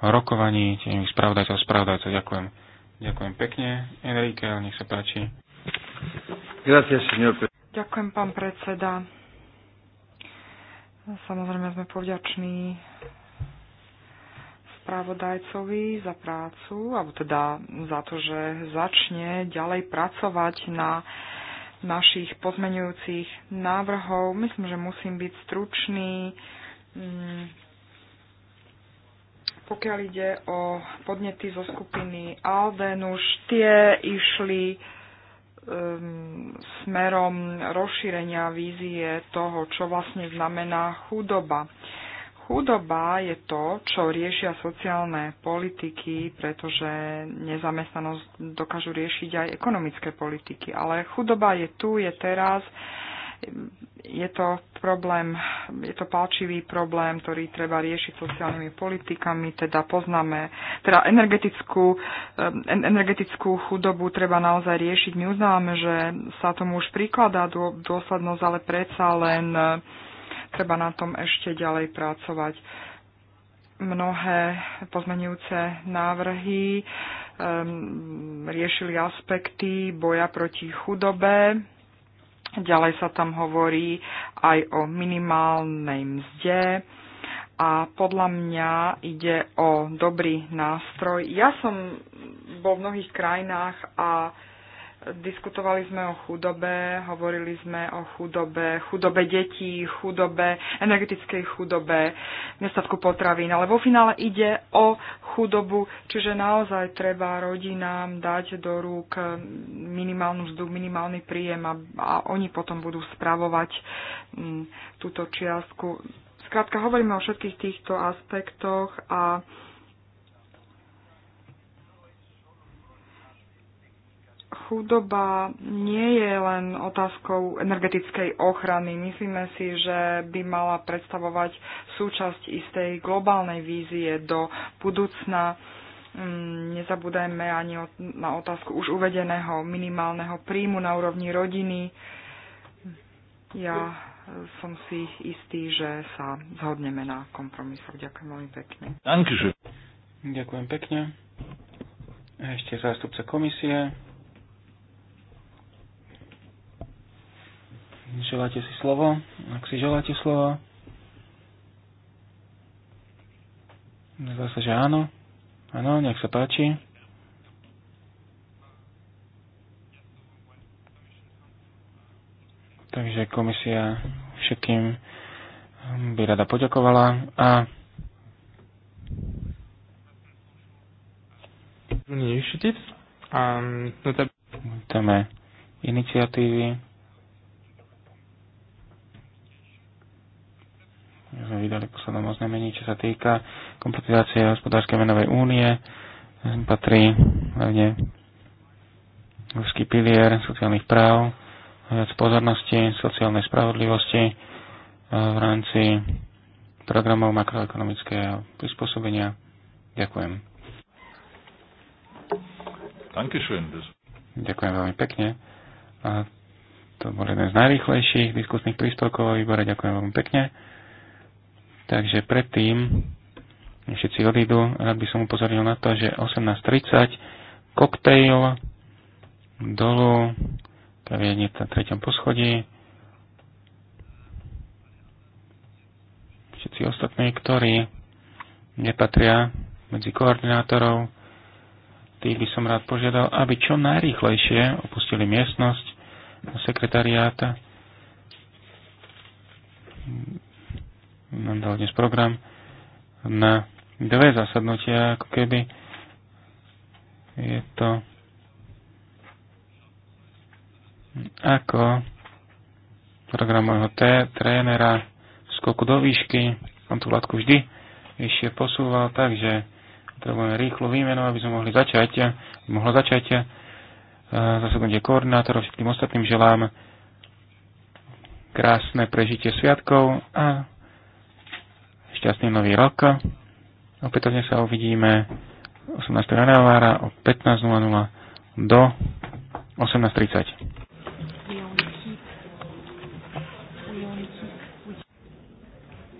rokovaní tieňových spravodajcov spravodajcov. Ďakujem. Ďakujem pekne. Enrique, nech sa páči. Ďakujem, pán predseda. Samozrejme sme povďační správodajcovi za prácu, alebo teda za to, že začne ďalej pracovať na našich pozmenujúcich návrhov. Myslím, že musím byť stručný. Mm. Pokiaľ ide o podnety zo skupiny Alden, už tie išli um, smerom rozšírenia vízie toho, čo vlastne znamená chudoba. Chudoba je to, čo riešia sociálne politiky, pretože nezamestnanosť dokážu riešiť aj ekonomické politiky. Ale chudoba je tu, je teraz je to problém, je to palčivý problém, ktorý treba riešiť sociálnymi politikami, teda poznáme, teda energetickú, energetickú chudobu treba naozaj riešiť. My uznávame, že sa tomu už prikladá dôslednosť, ale predsa len e, treba na tom ešte ďalej pracovať mnohé pozmenujúce návrhy, um, riešili aspekty boja proti chudobe, Ďalej sa tam hovorí aj o minimálnej mzde a podľa mňa ide o dobrý nástroj. Ja som bol v mnohých krajinách a Diskutovali sme o chudobe, hovorili sme o chudobe, chudobe detí, chudobe, energetickej chudobe, nedostatku potravín, ale vo finále ide o chudobu, čiže naozaj treba rodinám dať do rúk minimálnu vzduch, minimálny príjem a, a oni potom budú spravovať m, mm, túto čiastku. Skrátka, hovoríme o všetkých týchto aspektoch a chudoba nie je len otázkou energetickej ochrany. Myslíme si, že by mala predstavovať súčasť istej globálnej vízie do budúcna. Mm, nezabúdajme ani na otázku už uvedeného minimálneho príjmu na úrovni rodiny. Ja som si istý, že sa zhodneme na kompromisoch. Ďakujem veľmi pekne. Ďakujem pekne. A ešte zástupca komisie. Želáte si slovo? Ak si želáte slovo? Zase, že áno. Áno, nech sa páči. Takže komisia všetkým by rada poďakovala a initiatives. Um, Vítame no iniciatívy sme vydali posledné oznámenie, čo sa týka kompletizácie hospodárskej menovej únie. Patrí hlavne ľudský pilier sociálnych práv, viac pozornosti, sociálnej spravodlivosti e, v rámci programov makroekonomického prispôsobenia. Ďakujem. Ďakujem veľmi pekne. A to bol jeden z najrýchlejších diskusných príspevkov o výbore. Ďakujem veľmi pekne. Takže predtým, než všetci odídu, rád by som upozornil na to, že 18.30 koktejl dolu, kaviarne na treťom poschodí. Všetci ostatní, ktorí nepatria medzi koordinátorov, tých by som rád požiadal, aby čo najrýchlejšie opustili miestnosť sekretariáta nám dal dnes program na dve zasadnutia, ako keby je to ako program môjho té, trénera skoku do výšky, on tú látku vždy ešte posúval, takže potrebujeme rýchlu výmenu, aby sme mohli začať, mohlo začať eh, zasadnutie koordinátorov, všetkým ostatným želám krásne prežitie sviatkov a šťastný nový rok. Opätovne sa uvidíme 18. januára o 15.00 do 18.30.